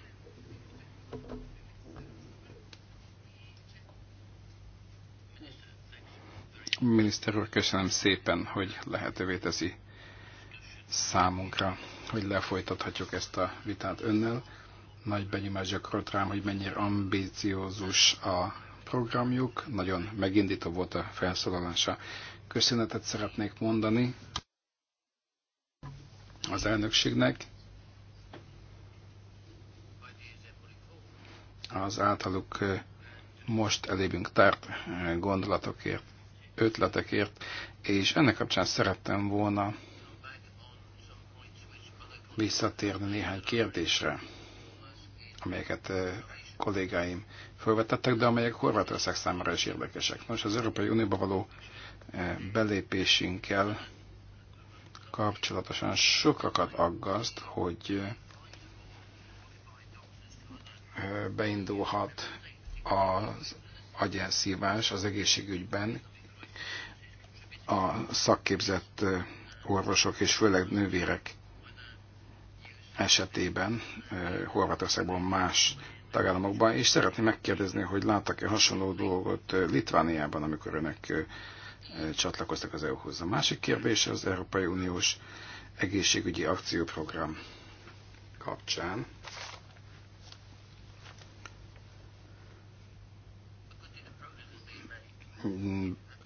Miniszter úr, köszönöm szépen, hogy lehetővé teszi számunkra, hogy lefolytathatjuk ezt a vitát önnel. Nagy benyomás gyakorolt rám, hogy mennyire ambíciózus a programjuk, nagyon megindító volt a felszólalása. Köszönetet szeretnék mondani az elnökségnek, az általuk most elébünk tárt gondolatokért, ötletekért, és ennek kapcsán szerettem volna visszatérni néhány kérdésre, amelyeket eh, kollégáim felvetettek, de amelyek Horvátország számára is érdekesek. Nos, az Európai Unióba való eh, belépésünkkel kapcsolatosan sokakat aggaszt, hogy eh, beindulhat az agyenszívás az egészségügyben a szakképzett orvosok és főleg nővérek esetében Horvátországban más tagállamokban, és szeretném megkérdezni, hogy láttak-e hasonló dolgot Litvániában, amikor önök csatlakoztak az EU-hoz. A másik kérdés az Európai Uniós egészségügyi akcióprogram kapcsán.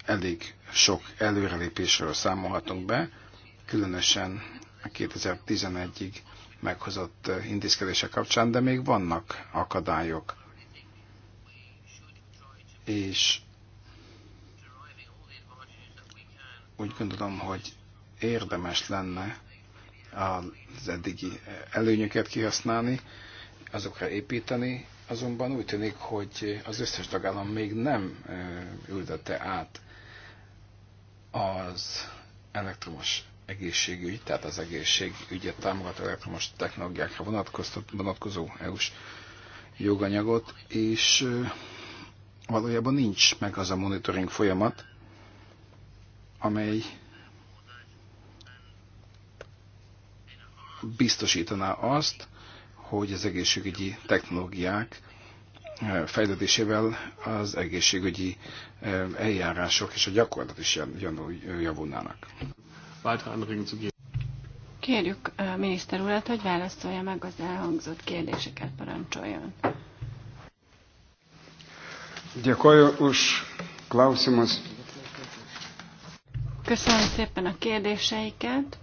Elég sok előrelépésről számolhatunk be, különösen a 2011-ig meghozott eh, intézkedések kapcsán, de még vannak akadályok. És úgy gondolom, hogy érdemes lenne az eddigi előnyöket kihasználni, azokra építeni, azonban úgy tűnik, hogy az összes tagállam még nem eh, üldette át az elektromos egészségügy, tehát az egészségügyet támogató elektromos technológiákra vonatkozó EU-s joganyagot, és valójában nincs meg az a monitoring folyamat, amely biztosítaná azt, hogy az egészségügyi technológiák fejlődésével az egészségügyi eljárások és a gyakorlat is javulnának weitere Anregungen zu geben. Kérjük a miniszter urat, hogy válaszolja meg az elhangzott kérdéseket, parancsoljon. Köszönöm szépen a kérdéseiket.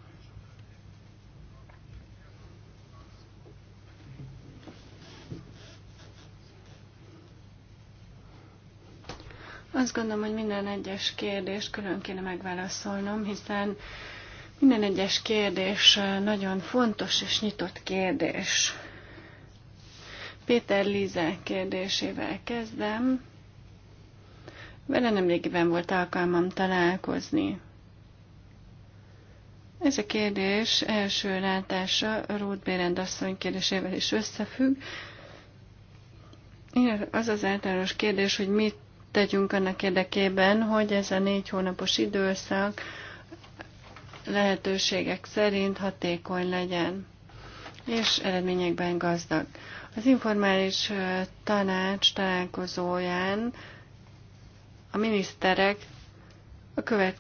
Azt gondolom, hogy minden egyes kérdést külön kéne megválaszolnom, hiszen minden egyes kérdés eh, nagyon fontos és nyitott kérdés. Péter Líze kérdésével kezdem. Vele nemrégiben volt alkalmam találkozni. Ez a kérdés első látása Ruth Bérend asszony kérdésével is összefügg. Az az általános kérdés, hogy mit tegyünk annak érdekében, hogy ez a négy hónapos időszak lehetőségek szerint hatékony legyen, és eredményekben gazdag. Az informális tanács találkozóján a miniszterek a, követ,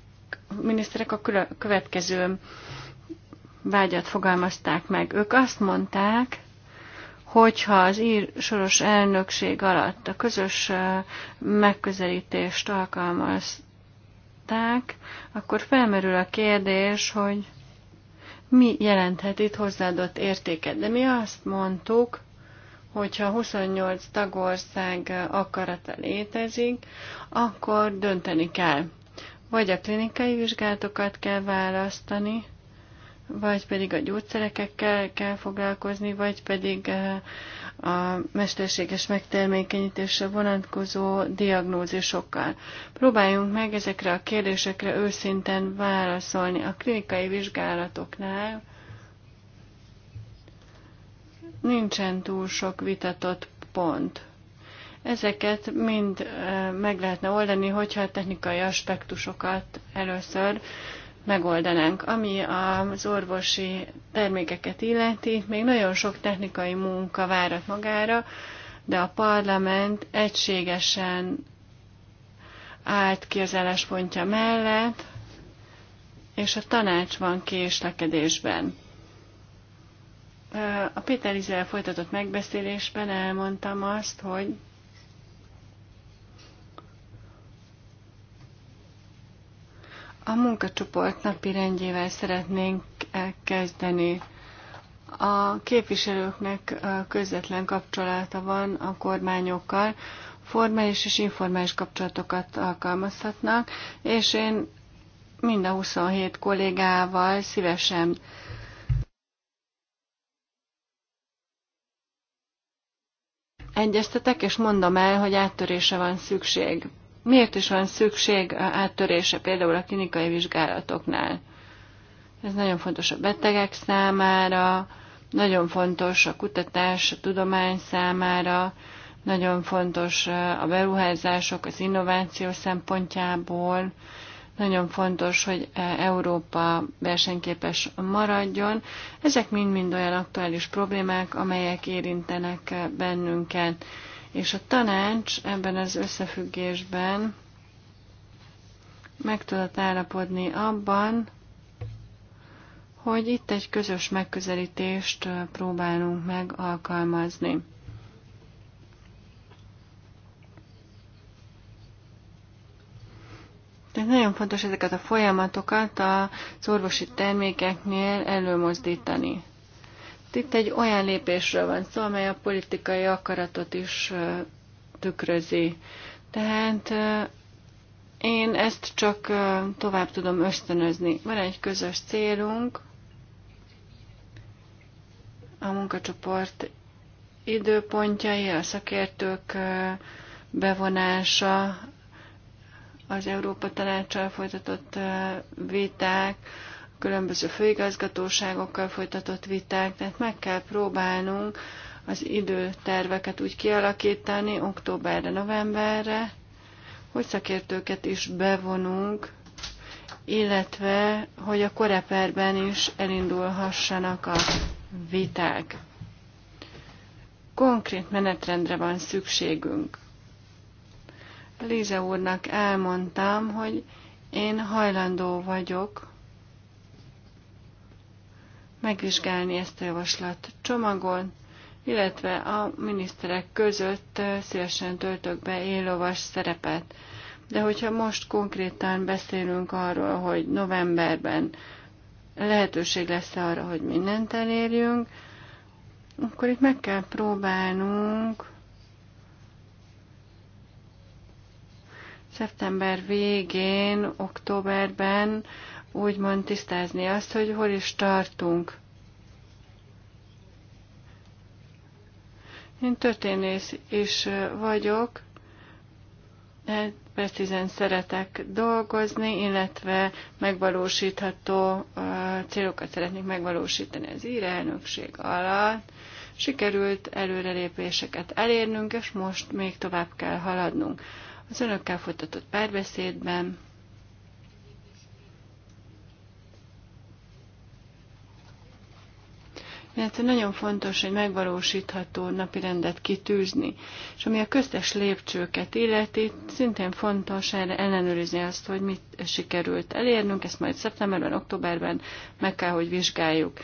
a miniszterek a következő vágyat fogalmazták meg. Ők azt mondták, hogyha az ír soros elnökség alatt a közös megközelítést alkalmazták, akkor felmerül a kérdés, hogy mi jelenthet itt hozzáadott értéket. De mi azt mondtuk, hogyha 28 tagország akarata létezik, akkor dönteni kell. Vagy a klinikai vizsgálatokat kell választani, vagy pedig a gyógyszerekkel kell foglalkozni, vagy pedig eh, a mesterséges megtermékenyítésre vonatkozó diagnózisokkal. Próbáljunk meg ezekre a kérdésekre őszinten válaszolni. A klinikai vizsgálatoknál nincsen túl sok vitatott pont. Ezeket mind eh, meg lehetne oldani, hogyha a technikai aspektusokat először megoldanánk. Ami az orvosi termékeket illeti, még nagyon sok technikai munka várat magára, de a parlament egységesen állt ki az álláspontja mellett, és a tanács van késlekedésben. A Péter Izrael folytatott megbeszélésben elmondtam azt, hogy A munkacsoport napi rendjével szeretnénk kezdeni. A képviselőknek közvetlen kapcsolata van a kormányokkal, formális és informális kapcsolatokat alkalmazhatnak, és én mind a 27 kollégával szívesen egyeztetek, és mondom el, hogy áttörése van szükség. Miért is van szükség áttörése például a klinikai vizsgálatoknál? Ez nagyon fontos a betegek számára, nagyon fontos a kutatás, a tudomány számára, nagyon fontos a beruházások az innováció szempontjából, nagyon fontos, hogy Európa versenyképes maradjon. Ezek mind-mind olyan aktuális problémák, amelyek érintenek bennünket. És a tanács ebben az összefüggésben meg tudott állapodni abban, hogy itt egy közös megközelítést próbálunk meg alkalmazni. Tehát nagyon fontos ezeket a folyamatokat az orvosi termékeknél előmozdítani itt egy olyan lépésről van szó, amely a politikai akaratot is tükrözi. Tehát én ezt csak tovább tudom ösztönözni. Van egy közös célunk, a munkacsoport időpontjai, a szakértők bevonása, az Európa Tanácssal folytatott viták, különböző főigazgatóságokkal folytatott viták, tehát meg kell próbálnunk az időterveket úgy kialakítani októberre, novemberre, hogy szakértőket is bevonunk, illetve hogy a koreperben is elindulhassanak a viták. Konkrét menetrendre van szükségünk. Líze úrnak elmondtam, hogy én hajlandó vagyok megvizsgálni ezt a javaslat csomagon, illetve a miniszterek között eh, szívesen töltök be élovas szerepet. De hogyha most konkrétan beszélünk arról, hogy novemberben lehetőség lesz arra, hogy mindent elérjünk, akkor itt meg kell próbálnunk szeptember végén, októberben úgymond tisztázni azt, hogy hol is tartunk. Én történész is vagyok, hát precízen szeretek dolgozni, illetve megvalósítható célokat szeretnék megvalósítani az írelnökség alatt. Sikerült előrelépéseket elérnünk, és most még tovább kell haladnunk. Az önökkel folytatott párbeszédben mert nagyon fontos hogy megvalósítható napirendet kitűzni. És ami a köztes lépcsőket illeti, szintén fontos erre ellenőrizni azt, hogy mit sikerült elérnünk, ezt majd szeptemberben, októberben meg kell, hogy vizsgáljuk.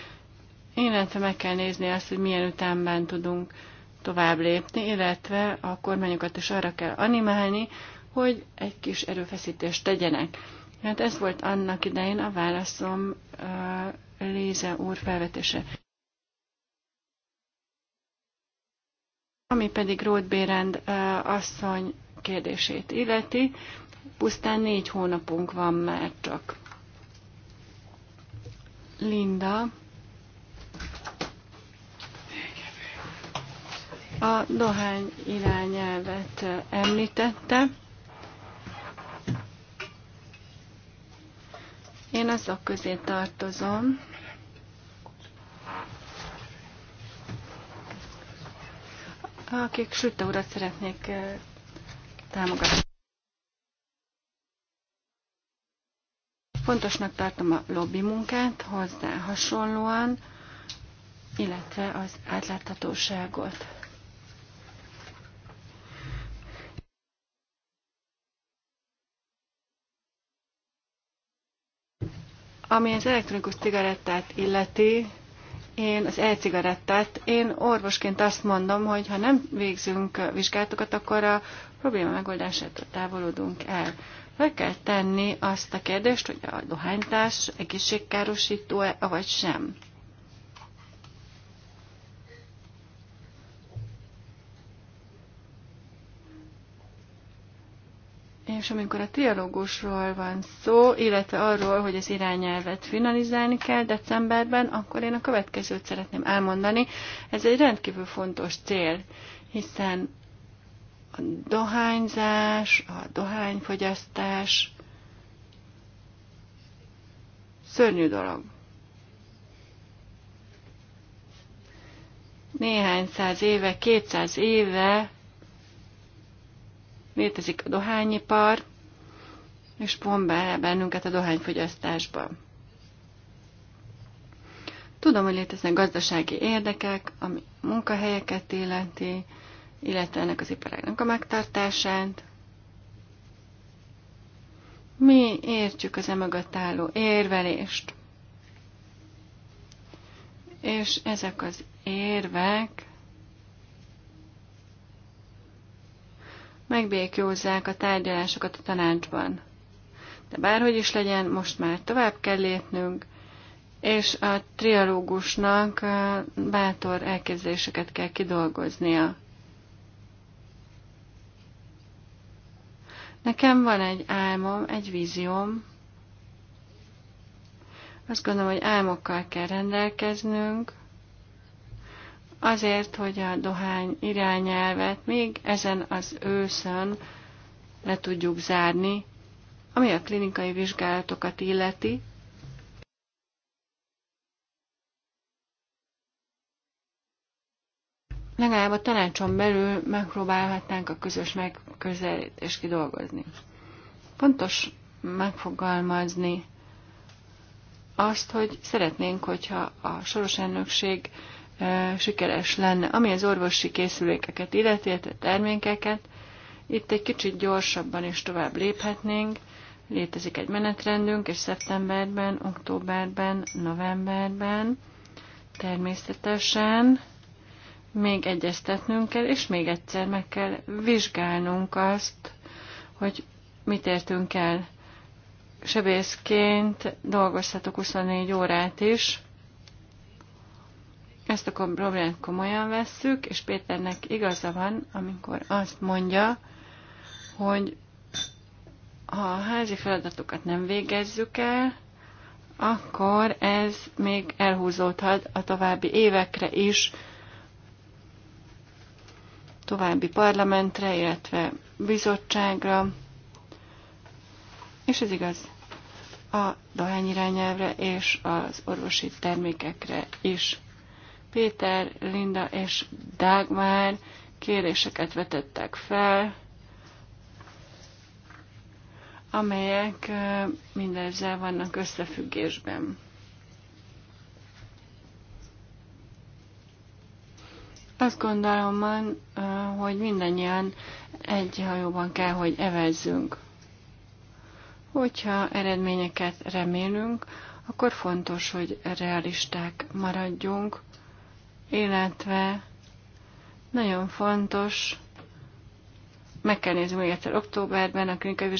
Illetve meg kell nézni azt, hogy milyen ütemben tudunk tovább lépni, illetve a kormányokat is arra kell animálni, hogy egy kis erőfeszítést tegyenek. Hát ez volt annak idején a válaszom uh, Léze úr felvetése. Ami pedig Rót Bérend asszony kérdését illeti, pusztán négy hónapunk van már csak. Linda. A dohány irányelvet említette. Én azok közé tartozom, akik Sütte urat szeretnék eh, támogatni. Fontosnak tartom a lobby munkát hozzá hasonlóan, illetve az átláthatóságot. Ami az elektronikus cigarettát illeti, én az e-cigarettát, én orvosként azt mondom, hogy ha nem végzünk vizsgálatokat, akkor a probléma megoldásától távolodunk el. Fel kell tenni azt a kérdést, hogy a dohánytás egészségkárosító-e, vagy sem. és amikor a dialógusról van szó, illetve arról, hogy az irányelvet finalizálni kell decemberben, akkor én a következőt szeretném elmondani. Ez egy rendkívül fontos cél, hiszen a dohányzás, a dohányfogyasztás szörnyű dolog. Néhány száz éve, kétszáz éve létezik a dohányipar, és pont be bennünket a dohányfogyasztásba. Tudom, hogy léteznek gazdasági érdekek, ami munkahelyeket illeti, illetve ennek az iparágnak a megtartását. Mi értjük az emögött álló érvelést. És ezek az érvek megbékjózzák a tárgyalásokat a tanácsban. De bárhogy is legyen, most már tovább kell lépnünk, és a trialógusnak bátor elképzeléseket kell kidolgoznia. Nekem van egy álmom, egy vízióm. Azt gondolom, hogy álmokkal kell rendelkeznünk, azért, hogy a dohány irányelvet még ezen az őszön le tudjuk zárni, ami a klinikai vizsgálatokat illeti, legalább a tanácson belül megpróbálhatnánk a közös megközelítést kidolgozni. Fontos megfogalmazni azt, hogy szeretnénk, hogyha a soros elnökség sikeres lenne. Ami az orvosi készülékeket illeti, illetve termékeket, itt egy kicsit gyorsabban is tovább léphetnénk. Létezik egy menetrendünk, és szeptemberben, októberben, novemberben természetesen még egyeztetnünk kell, és még egyszer meg kell vizsgálnunk azt, hogy mit értünk el. Sebészként dolgozhatok 24 órát is, ezt a problémát komolyan vesszük, és Péternek igaza van, amikor azt mondja, hogy ha a házi feladatokat nem végezzük el, akkor ez még elhúzódhat a további évekre is, további parlamentre, illetve bizottságra, és ez igaz a dohányirányelvre és az orvosi termékekre is. Péter, Linda és Dagmar kéréseket vetettek fel, amelyek mindezzel vannak összefüggésben. Azt gondolom, hogy mindannyian egy hajóban kell, hogy evezzünk. Hogyha eredményeket remélünk, akkor fontos, hogy realisták maradjunk, illetve nagyon fontos, meg kell nézni még egyszer októberben a klinikai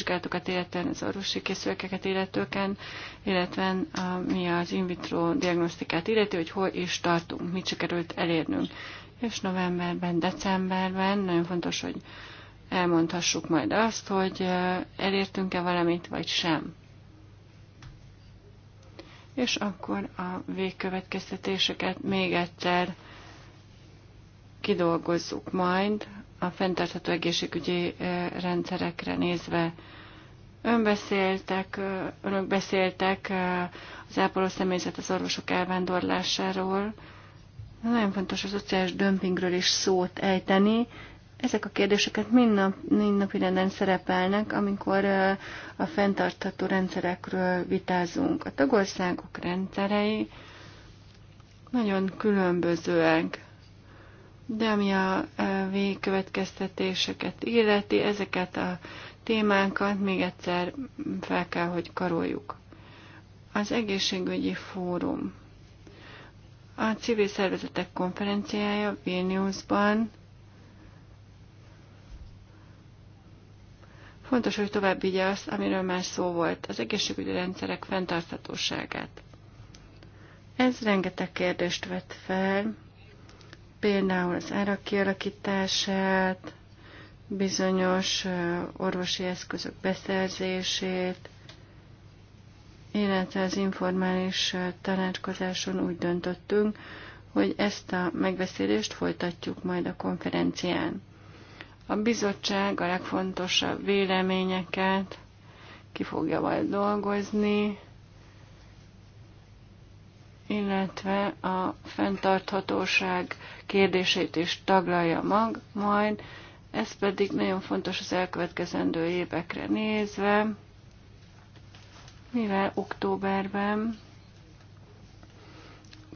illetve az orvosi készülékeket illetőken, illetve a, mi az in vitro diagnosztikát illeti, hogy hol is tartunk, mit sikerült elérnünk. És novemberben, decemberben nagyon fontos, hogy elmondhassuk majd azt, hogy elértünk-e valamit, vagy sem és akkor a végkövetkeztetéseket még egyszer kidolgozzuk majd a fenntartható egészségügyi rendszerekre nézve. Ön beszéltek, önök beszéltek az ápoló személyzet az orvosok elvándorlásáról. Nagyon fontos a szociális dömpingről is szót ejteni, ezek a kérdéseket mind, nap, mind nap szerepelnek, amikor a fenntartható rendszerekről vitázunk. A tagországok rendszerei nagyon különbözőek, de ami a végkövetkeztetéseket illeti, ezeket a témánkat még egyszer fel kell, hogy karoljuk. Az egészségügyi fórum. A civil szervezetek konferenciája Vilniusban Fontos, hogy tovább vigye azt, amiről már szó volt, az egészségügyi rendszerek fenntarthatóságát. Ez rengeteg kérdést vett fel, például az árak kialakítását, bizonyos orvosi eszközök beszerzését, illetve az informális tanácskozáson úgy döntöttünk, hogy ezt a megbeszélést folytatjuk majd a konferencián. A bizottság a legfontosabb véleményeket ki fogja majd dolgozni, illetve a fenntarthatóság kérdését is taglalja mag, majd, ez pedig nagyon fontos az elkövetkezendő évekre nézve, mivel októberben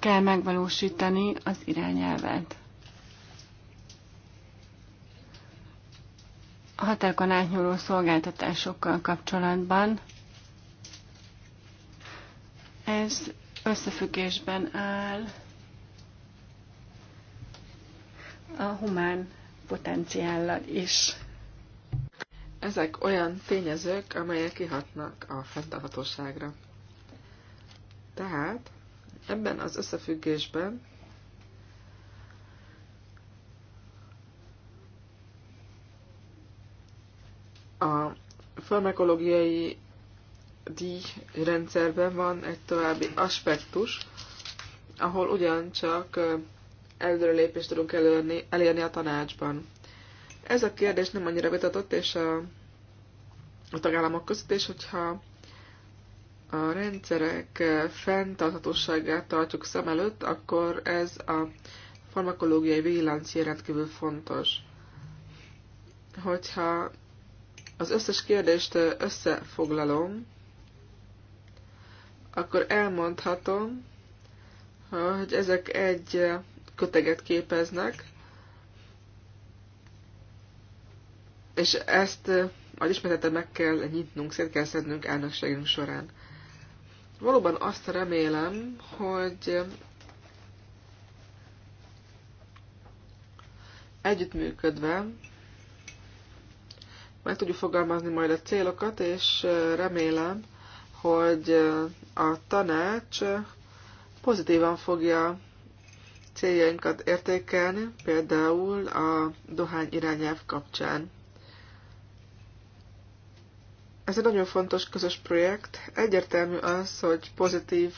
kell megvalósítani az irányelvet. a határokon átnyúló szolgáltatásokkal kapcsolatban. Ez összefüggésben áll a humán potenciállal is. Ezek olyan tényezők, amelyek kihatnak a fenntarthatóságra. Tehát ebben az összefüggésben farmakológiai díjrendszerben van egy további aspektus, ahol ugyancsak lépést tudunk elérni, elérni a tanácsban. Ez a kérdés nem annyira vitatott, és a, a tagállamok között, és hogyha a rendszerek fenntarthatóságát tartjuk szem előtt, akkor ez a farmakológiai vigilancia rendkívül fontos. Hogyha az összes kérdést összefoglalom, akkor elmondhatom, hogy ezek egy köteget képeznek, és ezt, a ismertetem, meg kell nyitnunk, szét kell szednünk elnökségünk során. Valóban azt remélem, hogy együttműködve meg tudjuk fogalmazni majd a célokat, és remélem, hogy a tanács pozitívan fogja céljainkat értékelni, például a dohány irányelv kapcsán. Ez egy nagyon fontos közös projekt. Egyértelmű az, hogy pozitív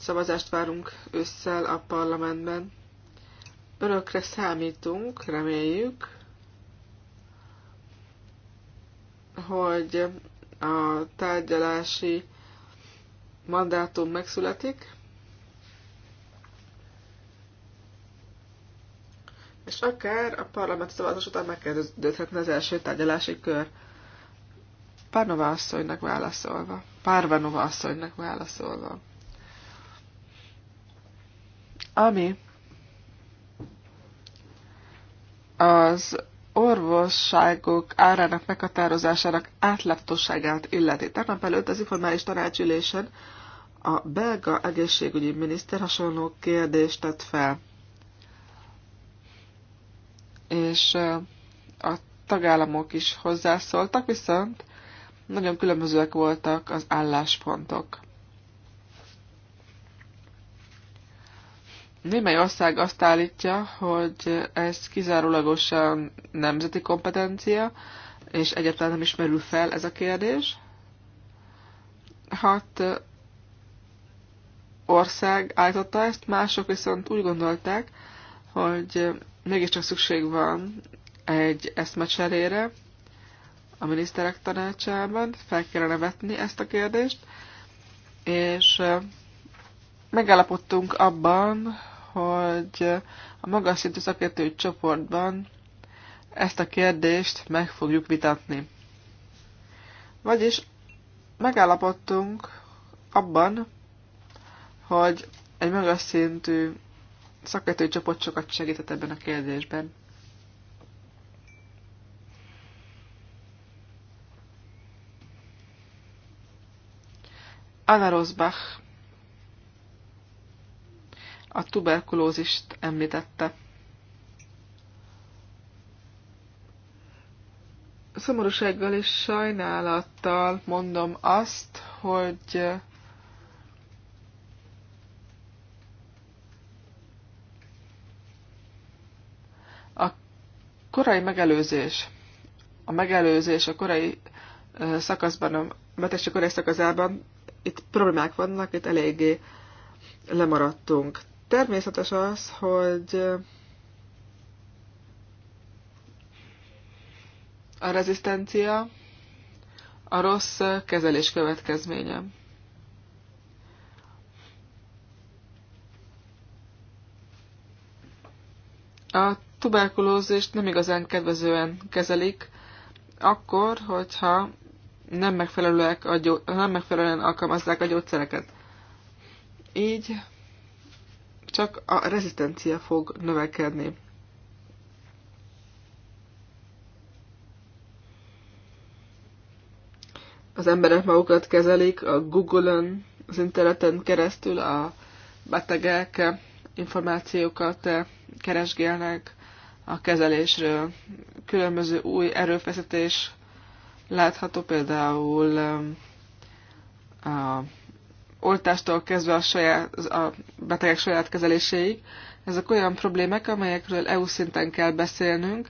szavazást várunk ősszel a parlamentben. Önökre számítunk, reméljük, hogy a tárgyalási mandátum megszületik, és akár a parlament szavazás után megkezdődhetne az első tárgyalási kör. Párnova asszonynak válaszolva. Párvanova asszonynak válaszolva. Ami az orvosságok árának meghatározásának átlátosságát illeti. Tegnap előtt az informális tanácsülésen a belga egészségügyi miniszter hasonló kérdést tett fel. És a tagállamok is hozzászóltak, viszont nagyon különbözőek voltak az álláspontok. Némely ország azt állítja, hogy ez kizárólagosan nemzeti kompetencia, és egyáltalán nem ismerül fel ez a kérdés. Hat ország állította ezt, mások viszont úgy gondolták, hogy mégiscsak szükség van egy eszmecserére a miniszterek tanácsában, fel kellene vetni ezt a kérdést, és megállapodtunk abban, hogy a magas szintű szakértői csoportban ezt a kérdést meg fogjuk vitatni. Vagyis megállapodtunk abban, hogy egy magas szintű szakértői csoport sokat segített ebben a kérdésben. Anna Rosbach a tuberkulózist említette. Szomorúsággal és sajnálattal mondom azt, hogy a korai megelőzés, a megelőzés a korai szakaszban, a betegség korai szakaszában itt problémák vannak, itt eléggé lemaradtunk. Természetes az, hogy a rezisztencia a rossz kezelés következménye. A tuberkulózist nem igazán kedvezően kezelik, akkor, hogyha nem megfelelőek a gyó- nem megfelelően alkalmazzák a gyógyszereket. Így csak a rezisztencia fog növekedni. Az emberek magukat kezelik a Google-ön, az interneten keresztül a betegek információkat keresgélnek a kezelésről. Különböző új erőfeszítés látható például um, a oltástól kezdve a, saját, a betegek saját kezeléséig. Ezek olyan problémák, amelyekről EU szinten kell beszélnünk,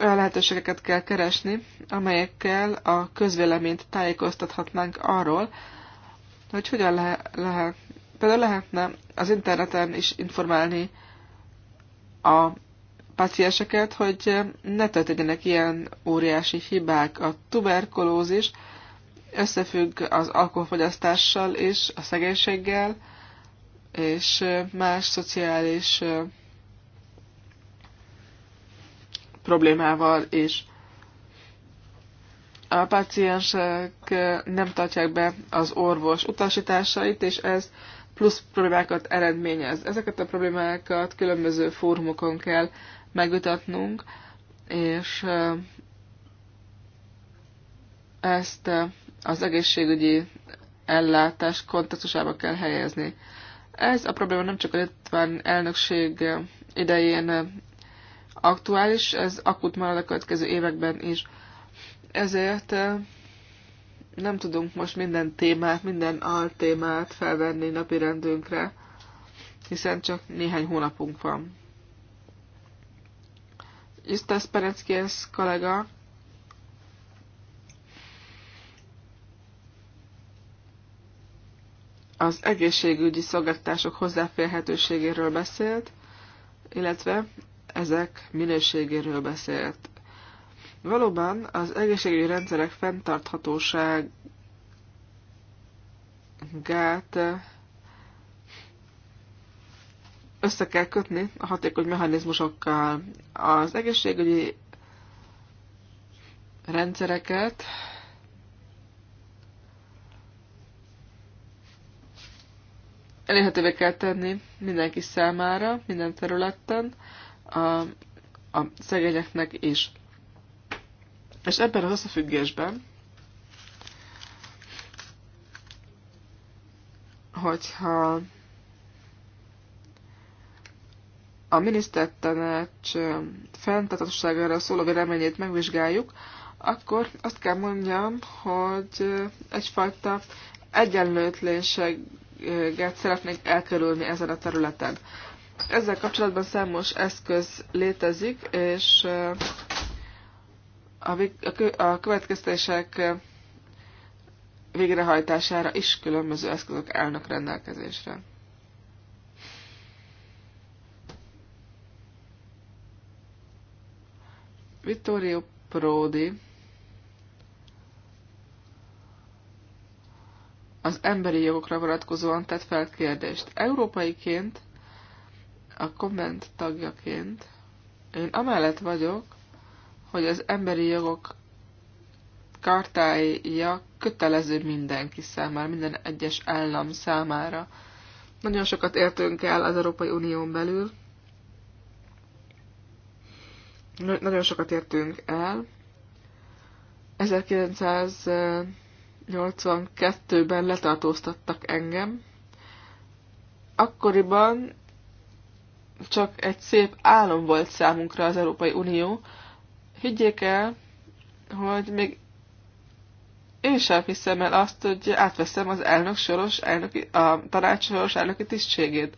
olyan lehetőségeket kell keresni, amelyekkel a közvéleményt tájékoztathatnánk arról, hogy hogyan le- lehet, például lehetne az interneten is informálni a pacienseket, hogy ne történjenek ilyen óriási hibák. A tuberkulózis összefügg az alkoholfogyasztással és a szegénységgel, és más szociális problémával is. A páciensek nem tartják be az orvos utasításait, és ez plusz problémákat eredményez. Ezeket a problémákat különböző fórumokon kell megütatnunk, és ezt az egészségügyi ellátás kontextusába kell helyezni. Ez a probléma nem csak a litván elnökség idején aktuális, ez akut marad a következő években is. Ezért eh, nem tudunk most minden témát, minden altémát felvenni rendünkre, hiszen csak néhány hónapunk van. Justas Pereckis kollega az egészségügyi szolgáltatások hozzáférhetőségéről beszélt, illetve ezek minőségéről beszélt. Valóban az egészségügyi rendszerek fenntarthatóságát össze kell kötni a hatékony mechanizmusokkal. Az egészségügyi rendszereket elérhetővé kell tenni mindenki számára, minden területen, a, a szegényeknek is. És ebben az összefüggésben, hogyha a minisztertanács fenntartatosságára szóló véleményét megvizsgáljuk, akkor azt kell mondjam, hogy egyfajta egyenlőtlenséget szeretnék elkerülni ezen a területen. Ezzel kapcsolatban számos eszköz létezik, és eh, a következtések eh, végrehajtására is különböző eszközök állnak rendelkezésre. Vittorio Prodi az emberi jogokra vonatkozóan tett fel kérdést. Európaiként, a komment tagjaként én amellett vagyok, hogy az emberi jogok kartája kötelező mindenki számára, minden egyes állam számára. Nagyon sokat értünk el az Európai Unión belül, nagyon sokat értünk el. 1900 82-ben letartóztattak engem. Akkoriban csak egy szép álom volt számunkra az Európai Unió. Higgyék el, hogy még én sem hiszem el azt, hogy átveszem az elnök soros, elnöki, a tanács soros elnöki tisztségét.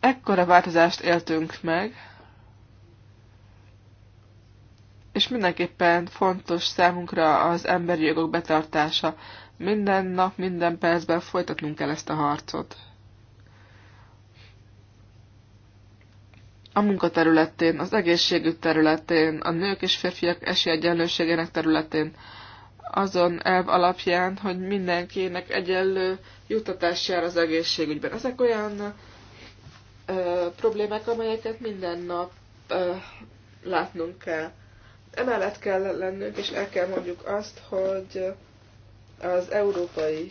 Ekkora változást éltünk meg, és mindenképpen fontos számunkra az emberi jogok betartása. Minden nap, minden percben folytatnunk kell ezt a harcot. A munkaterületén, az egészségügy területén, a nők és férfiak esélyegyenlőségének területén, azon elv alapján, hogy mindenkinek egyenlő juttatás jár az egészségügyben. Ezek olyan ö, problémák, amelyeket minden nap ö, látnunk kell. Emellett kell lennünk, és el kell mondjuk azt, hogy az Európai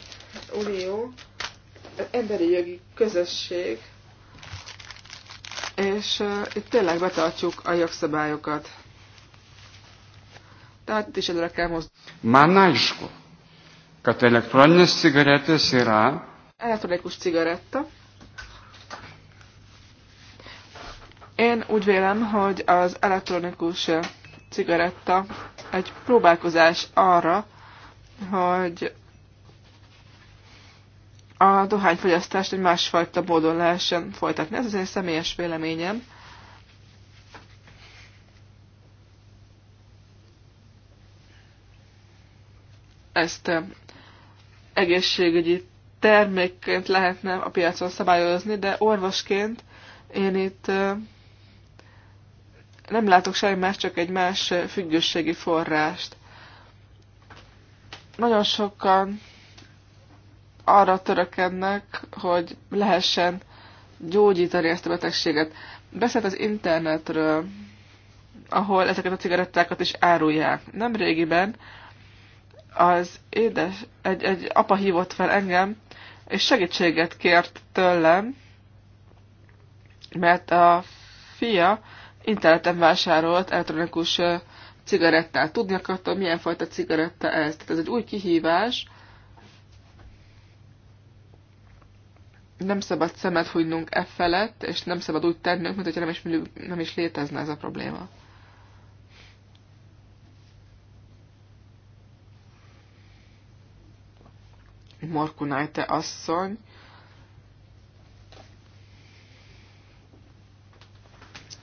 Unió az emberi jogi közösség, és itt tényleg betartjuk a jogszabályokat. Tehát itt is előre kell mozdulni. Man aišku, kad elektroninės cigaretės elektronikus cigaretta. Én úgy vélem, hogy az elektronikus cigaretta egy próbálkozás arra, hogy a dohányfogyasztást egy másfajta módon lehessen folytatni. Ez az én személyes véleményem. Ezt eh, egészségügyi termékként lehetne a piacon szabályozni, de orvosként én itt eh, nem látok semmi más, csak egy más függőségi forrást. Nagyon sokan arra törekednek, hogy lehessen gyógyítani ezt a betegséget. Beszélt az internetről, ahol ezeket a cigarettákat is árulják. Nem régiben az édes, egy, egy apa hívott fel engem, és segítséget kért tőlem, mert a fia interneten vásárolt elektronikus cigarettát. Tudni akartam, milyen fajta cigaretta ez. Tehát ez egy új kihívás. Nem szabad szemet hújnunk e felett, és nem szabad úgy tennünk, mint hogyha nem is, nem is létezne ez a probléma. Morkunájte asszony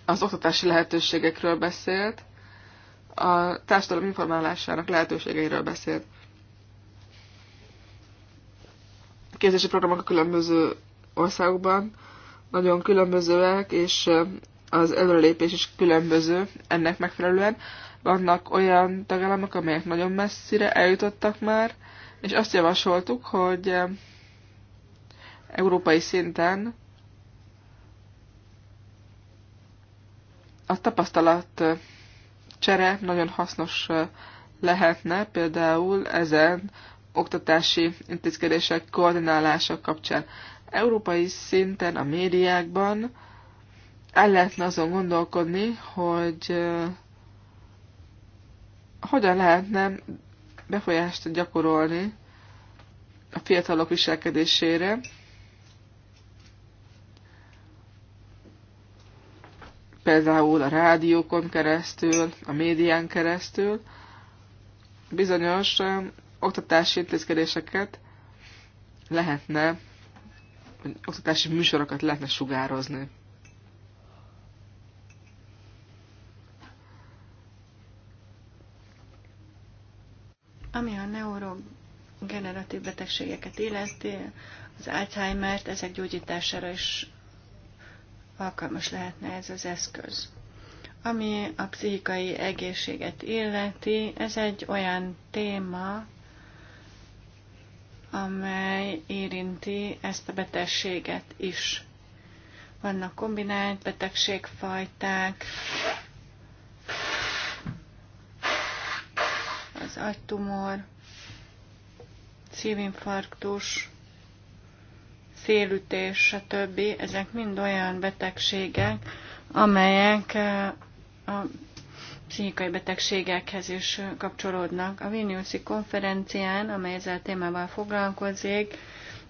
az oktatási lehetőségekről beszélt, a társadalom informálásának lehetőségeiről beszélt. A képzési programok a különböző országokban nagyon különbözőek, és az előrelépés is különböző ennek megfelelően. Vannak olyan tagállamok, amelyek nagyon messzire eljutottak már, és azt javasoltuk, hogy európai szinten a tapasztalat csere nagyon hasznos lehetne például ezen oktatási intézkedések koordinálása kapcsán. Európai szinten a médiákban el lehetne azon gondolkodni, hogy hogyan lehetne befolyást gyakorolni a fiatalok viselkedésére, például a rádiókon keresztül, a médián keresztül bizonyos oktatási intézkedéseket lehetne, oktatási műsorokat lehetne sugározni. Ami a neurogeneratív betegségeket illeti, az Alzheimer-t, ezek gyógyítására is alkalmas lehetne ez az eszköz. Ami a pszichikai egészséget illeti, ez egy olyan téma, amely érinti ezt a betegséget is. Vannak kombinált betegségfajták, az agytumor, szívinfarktus, félütés, stb. Ezek mind olyan betegségek, amelyek eh, a pszichikai betegségekhez is kapcsolódnak. A Vilniuszi konferencián, amely ezzel a témával foglalkozik,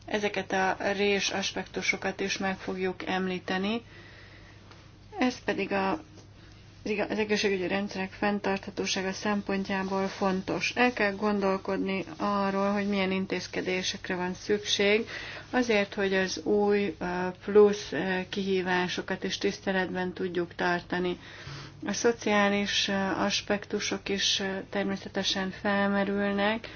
ezeket a rés aspektusokat is meg fogjuk említeni. Ez pedig a az egészségügyi rendszerek fenntarthatósága szempontjából fontos. El kell gondolkodni arról, hogy milyen intézkedésekre van szükség, azért, hogy az új plusz kihívásokat is tiszteletben tudjuk tartani. A szociális aspektusok is természetesen felmerülnek,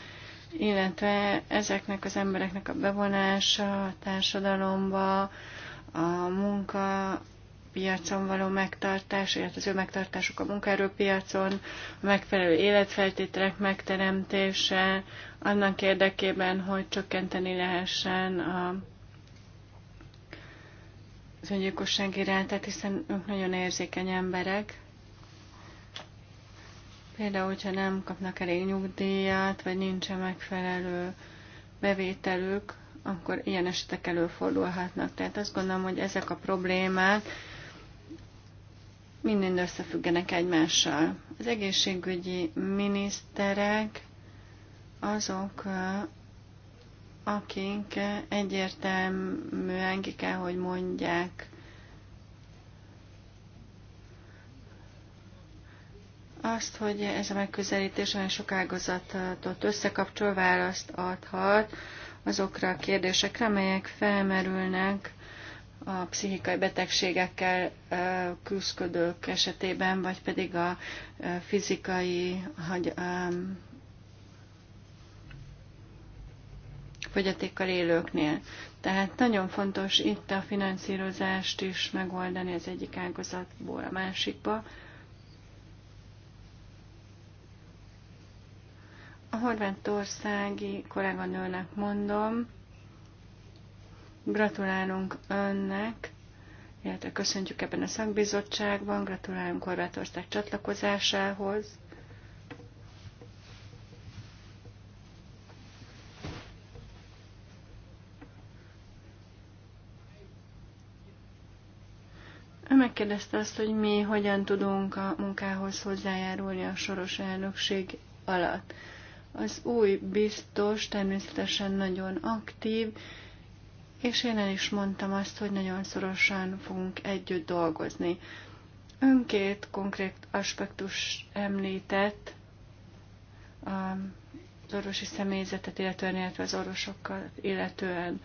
illetve ezeknek az embereknek a bevonása a társadalomba, a munka piacon való megtartás, illetve az ő megtartásuk a munkaerőpiacon, a megfelelő életfeltételek megteremtése, annak érdekében, hogy csökkenteni lehessen a az öngyilkosság iránytát, hiszen ők nagyon érzékeny emberek. Például, hogyha nem kapnak elég nyugdíjat, vagy nincsen megfelelő bevételük, akkor ilyen esetek előfordulhatnak. Tehát azt gondolom, hogy ezek a problémák mind összefüggenek egymással. Az egészségügyi miniszterek azok, akik egyértelműen ki kell, hogy mondják azt, hogy ez a megközelítés olyan sok ágazatot összekapcsol, választ adhat azokra a kérdésekre, amelyek felmerülnek a pszichikai betegségekkel küzdködők esetében, vagy pedig a fizikai hogy, um, fogyatékkal élőknél. Tehát nagyon fontos itt a finanszírozást is megoldani az egyik ágazatból a másikba. A horvátországi kolléganőnek mondom, Gratulálunk önnek, illetve köszöntjük ebben a szakbizottságban, gratulálunk Horvátország csatlakozásához. Ő megkérdezte azt, hogy mi hogyan tudunk a munkához hozzájárulni a soros elnökség alatt. Az új biztos természetesen nagyon aktív, és én el is mondtam azt, hogy nagyon szorosan fogunk együtt dolgozni. Ön két konkrét aspektus említett, az orvosi személyzetet illetően, illetve az orvosokkal illetően,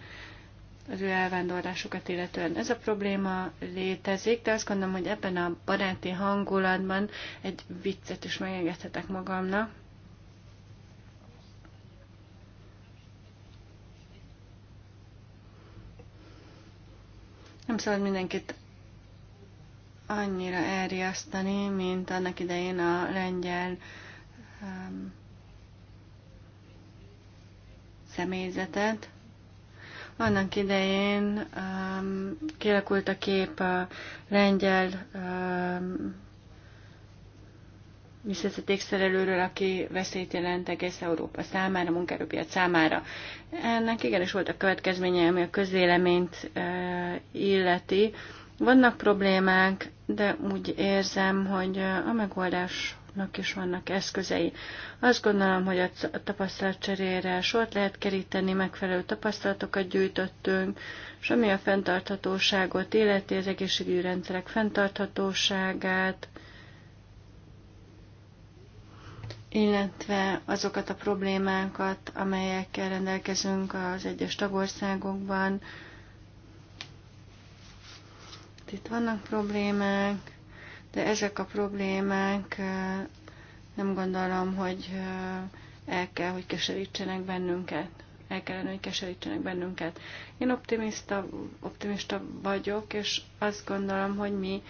az ő elvándorlásukat illetően. Ez a probléma létezik, de azt gondolom, hogy ebben a baráti hangulatban egy viccet is megengedhetek magamnak. Nem szabad mindenkit annyira elriasztani, mint annak idején a lengyel um, személyzetet. Annak idején um, kialakult a kép a lengyel um, visszaszedték szerelőről, aki veszélyt jelent egész Európa számára, munkaerőpiac számára. Ennek igenis volt a következménye, ami a közéleményt e, illeti. Vannak problémák, de úgy érzem, hogy a megoldásnak is vannak eszközei. Azt gondolom, hogy a cserére sort lehet keríteni, megfelelő tapasztalatokat gyűjtöttünk, és ami a fenntarthatóságot illeti, az egészségügyi rendszerek fenntarthatóságát, illetve azokat a problémákat, amelyekkel rendelkezünk az egyes tagországokban. Itt vannak problémák, de ezek a problémák nem gondolom, hogy el kell, hogy keserítsenek bennünket. El kellene, hogy keserítsenek bennünket. Én optimista, optimista vagyok, és azt gondolom, hogy mi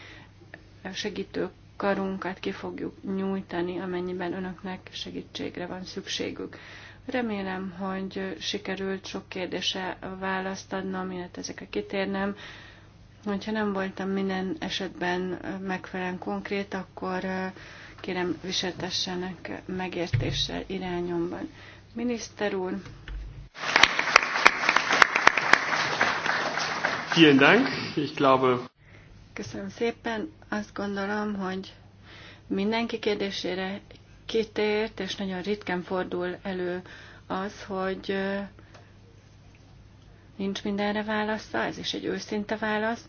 segítők karunkat ki fogjuk nyújtani, amennyiben önöknek segítségre van szükségük. Remélem, hogy sikerült sok kérdése választ adnom, illetve ezekre kitérnem. Hogyha nem voltam minden esetben megfelelően konkrét, akkor kérem viseltessenek megértéssel irányomban. Miniszter úr! Vielen Dank. Ich glaube... Köszönöm szépen. Azt gondolom, hogy mindenki kérdésére kitért, és nagyon ritkán fordul elő az, hogy nincs mindenre válasza, ez is egy őszinte válasz,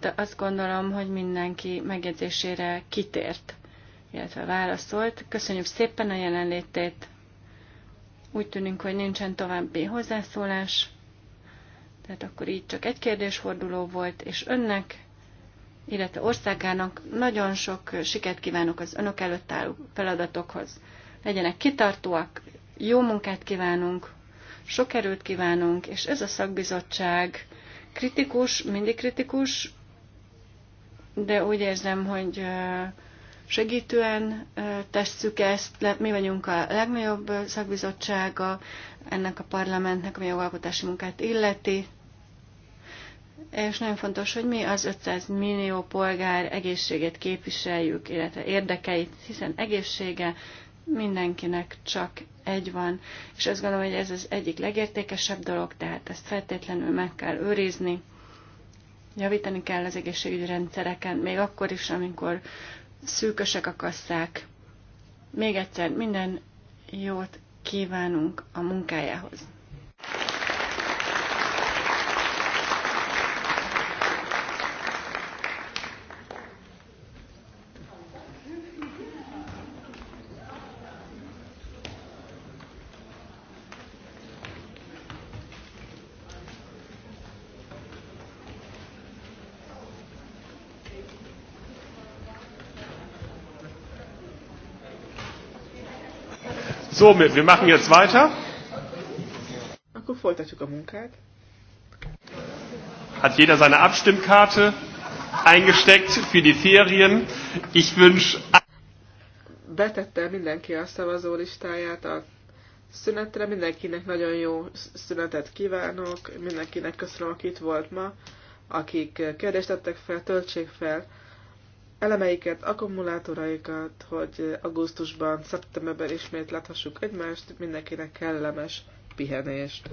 de azt gondolom, hogy mindenki megjegyzésére kitért, illetve válaszolt. Köszönjük szépen a jelenlétét. Úgy tűnik, hogy nincsen további hozzászólás, tehát akkor így csak egy kérdésforduló volt, és önnek illetve országának nagyon sok sikert kívánok az önök előtt álló feladatokhoz. Legyenek kitartóak, jó munkát kívánunk, sok erőt kívánunk, és ez a szakbizottság kritikus, mindig kritikus, de úgy érzem, hogy segítően tesszük ezt. Mi vagyunk a legnagyobb szakbizottsága ennek a parlamentnek, ami a jogalkotási munkát illeti és nagyon fontos, hogy mi az 500 millió polgár egészségét képviseljük, illetve érdekeit, hiszen egészsége mindenkinek csak egy van, és azt gondolom, hogy ez az egyik legértékesebb dolog, tehát ezt feltétlenül meg kell őrizni, javítani kell az egészségügyi rendszereken, még akkor is, amikor szűkösek a kasszák. Még egyszer minden jót kívánunk a munkájához. Somit, wir machen jetzt weiter. folytatjuk a munkát. Hat jeder seine Abstimmkarte eingesteckt für die Ferien? Ich wünsche... Betette mindenki a szavazólistáját a szünetre. Mindenkinek nagyon jó szünetet kívánok. Mindenkinek köszönöm, aki itt volt ma. Akik kérdést tettek fel, töltsék fel elemeiket, akkumulátoraikat, hogy augusztusban, szeptemberben ismét láthassuk egymást, mindenkinek kellemes pihenést.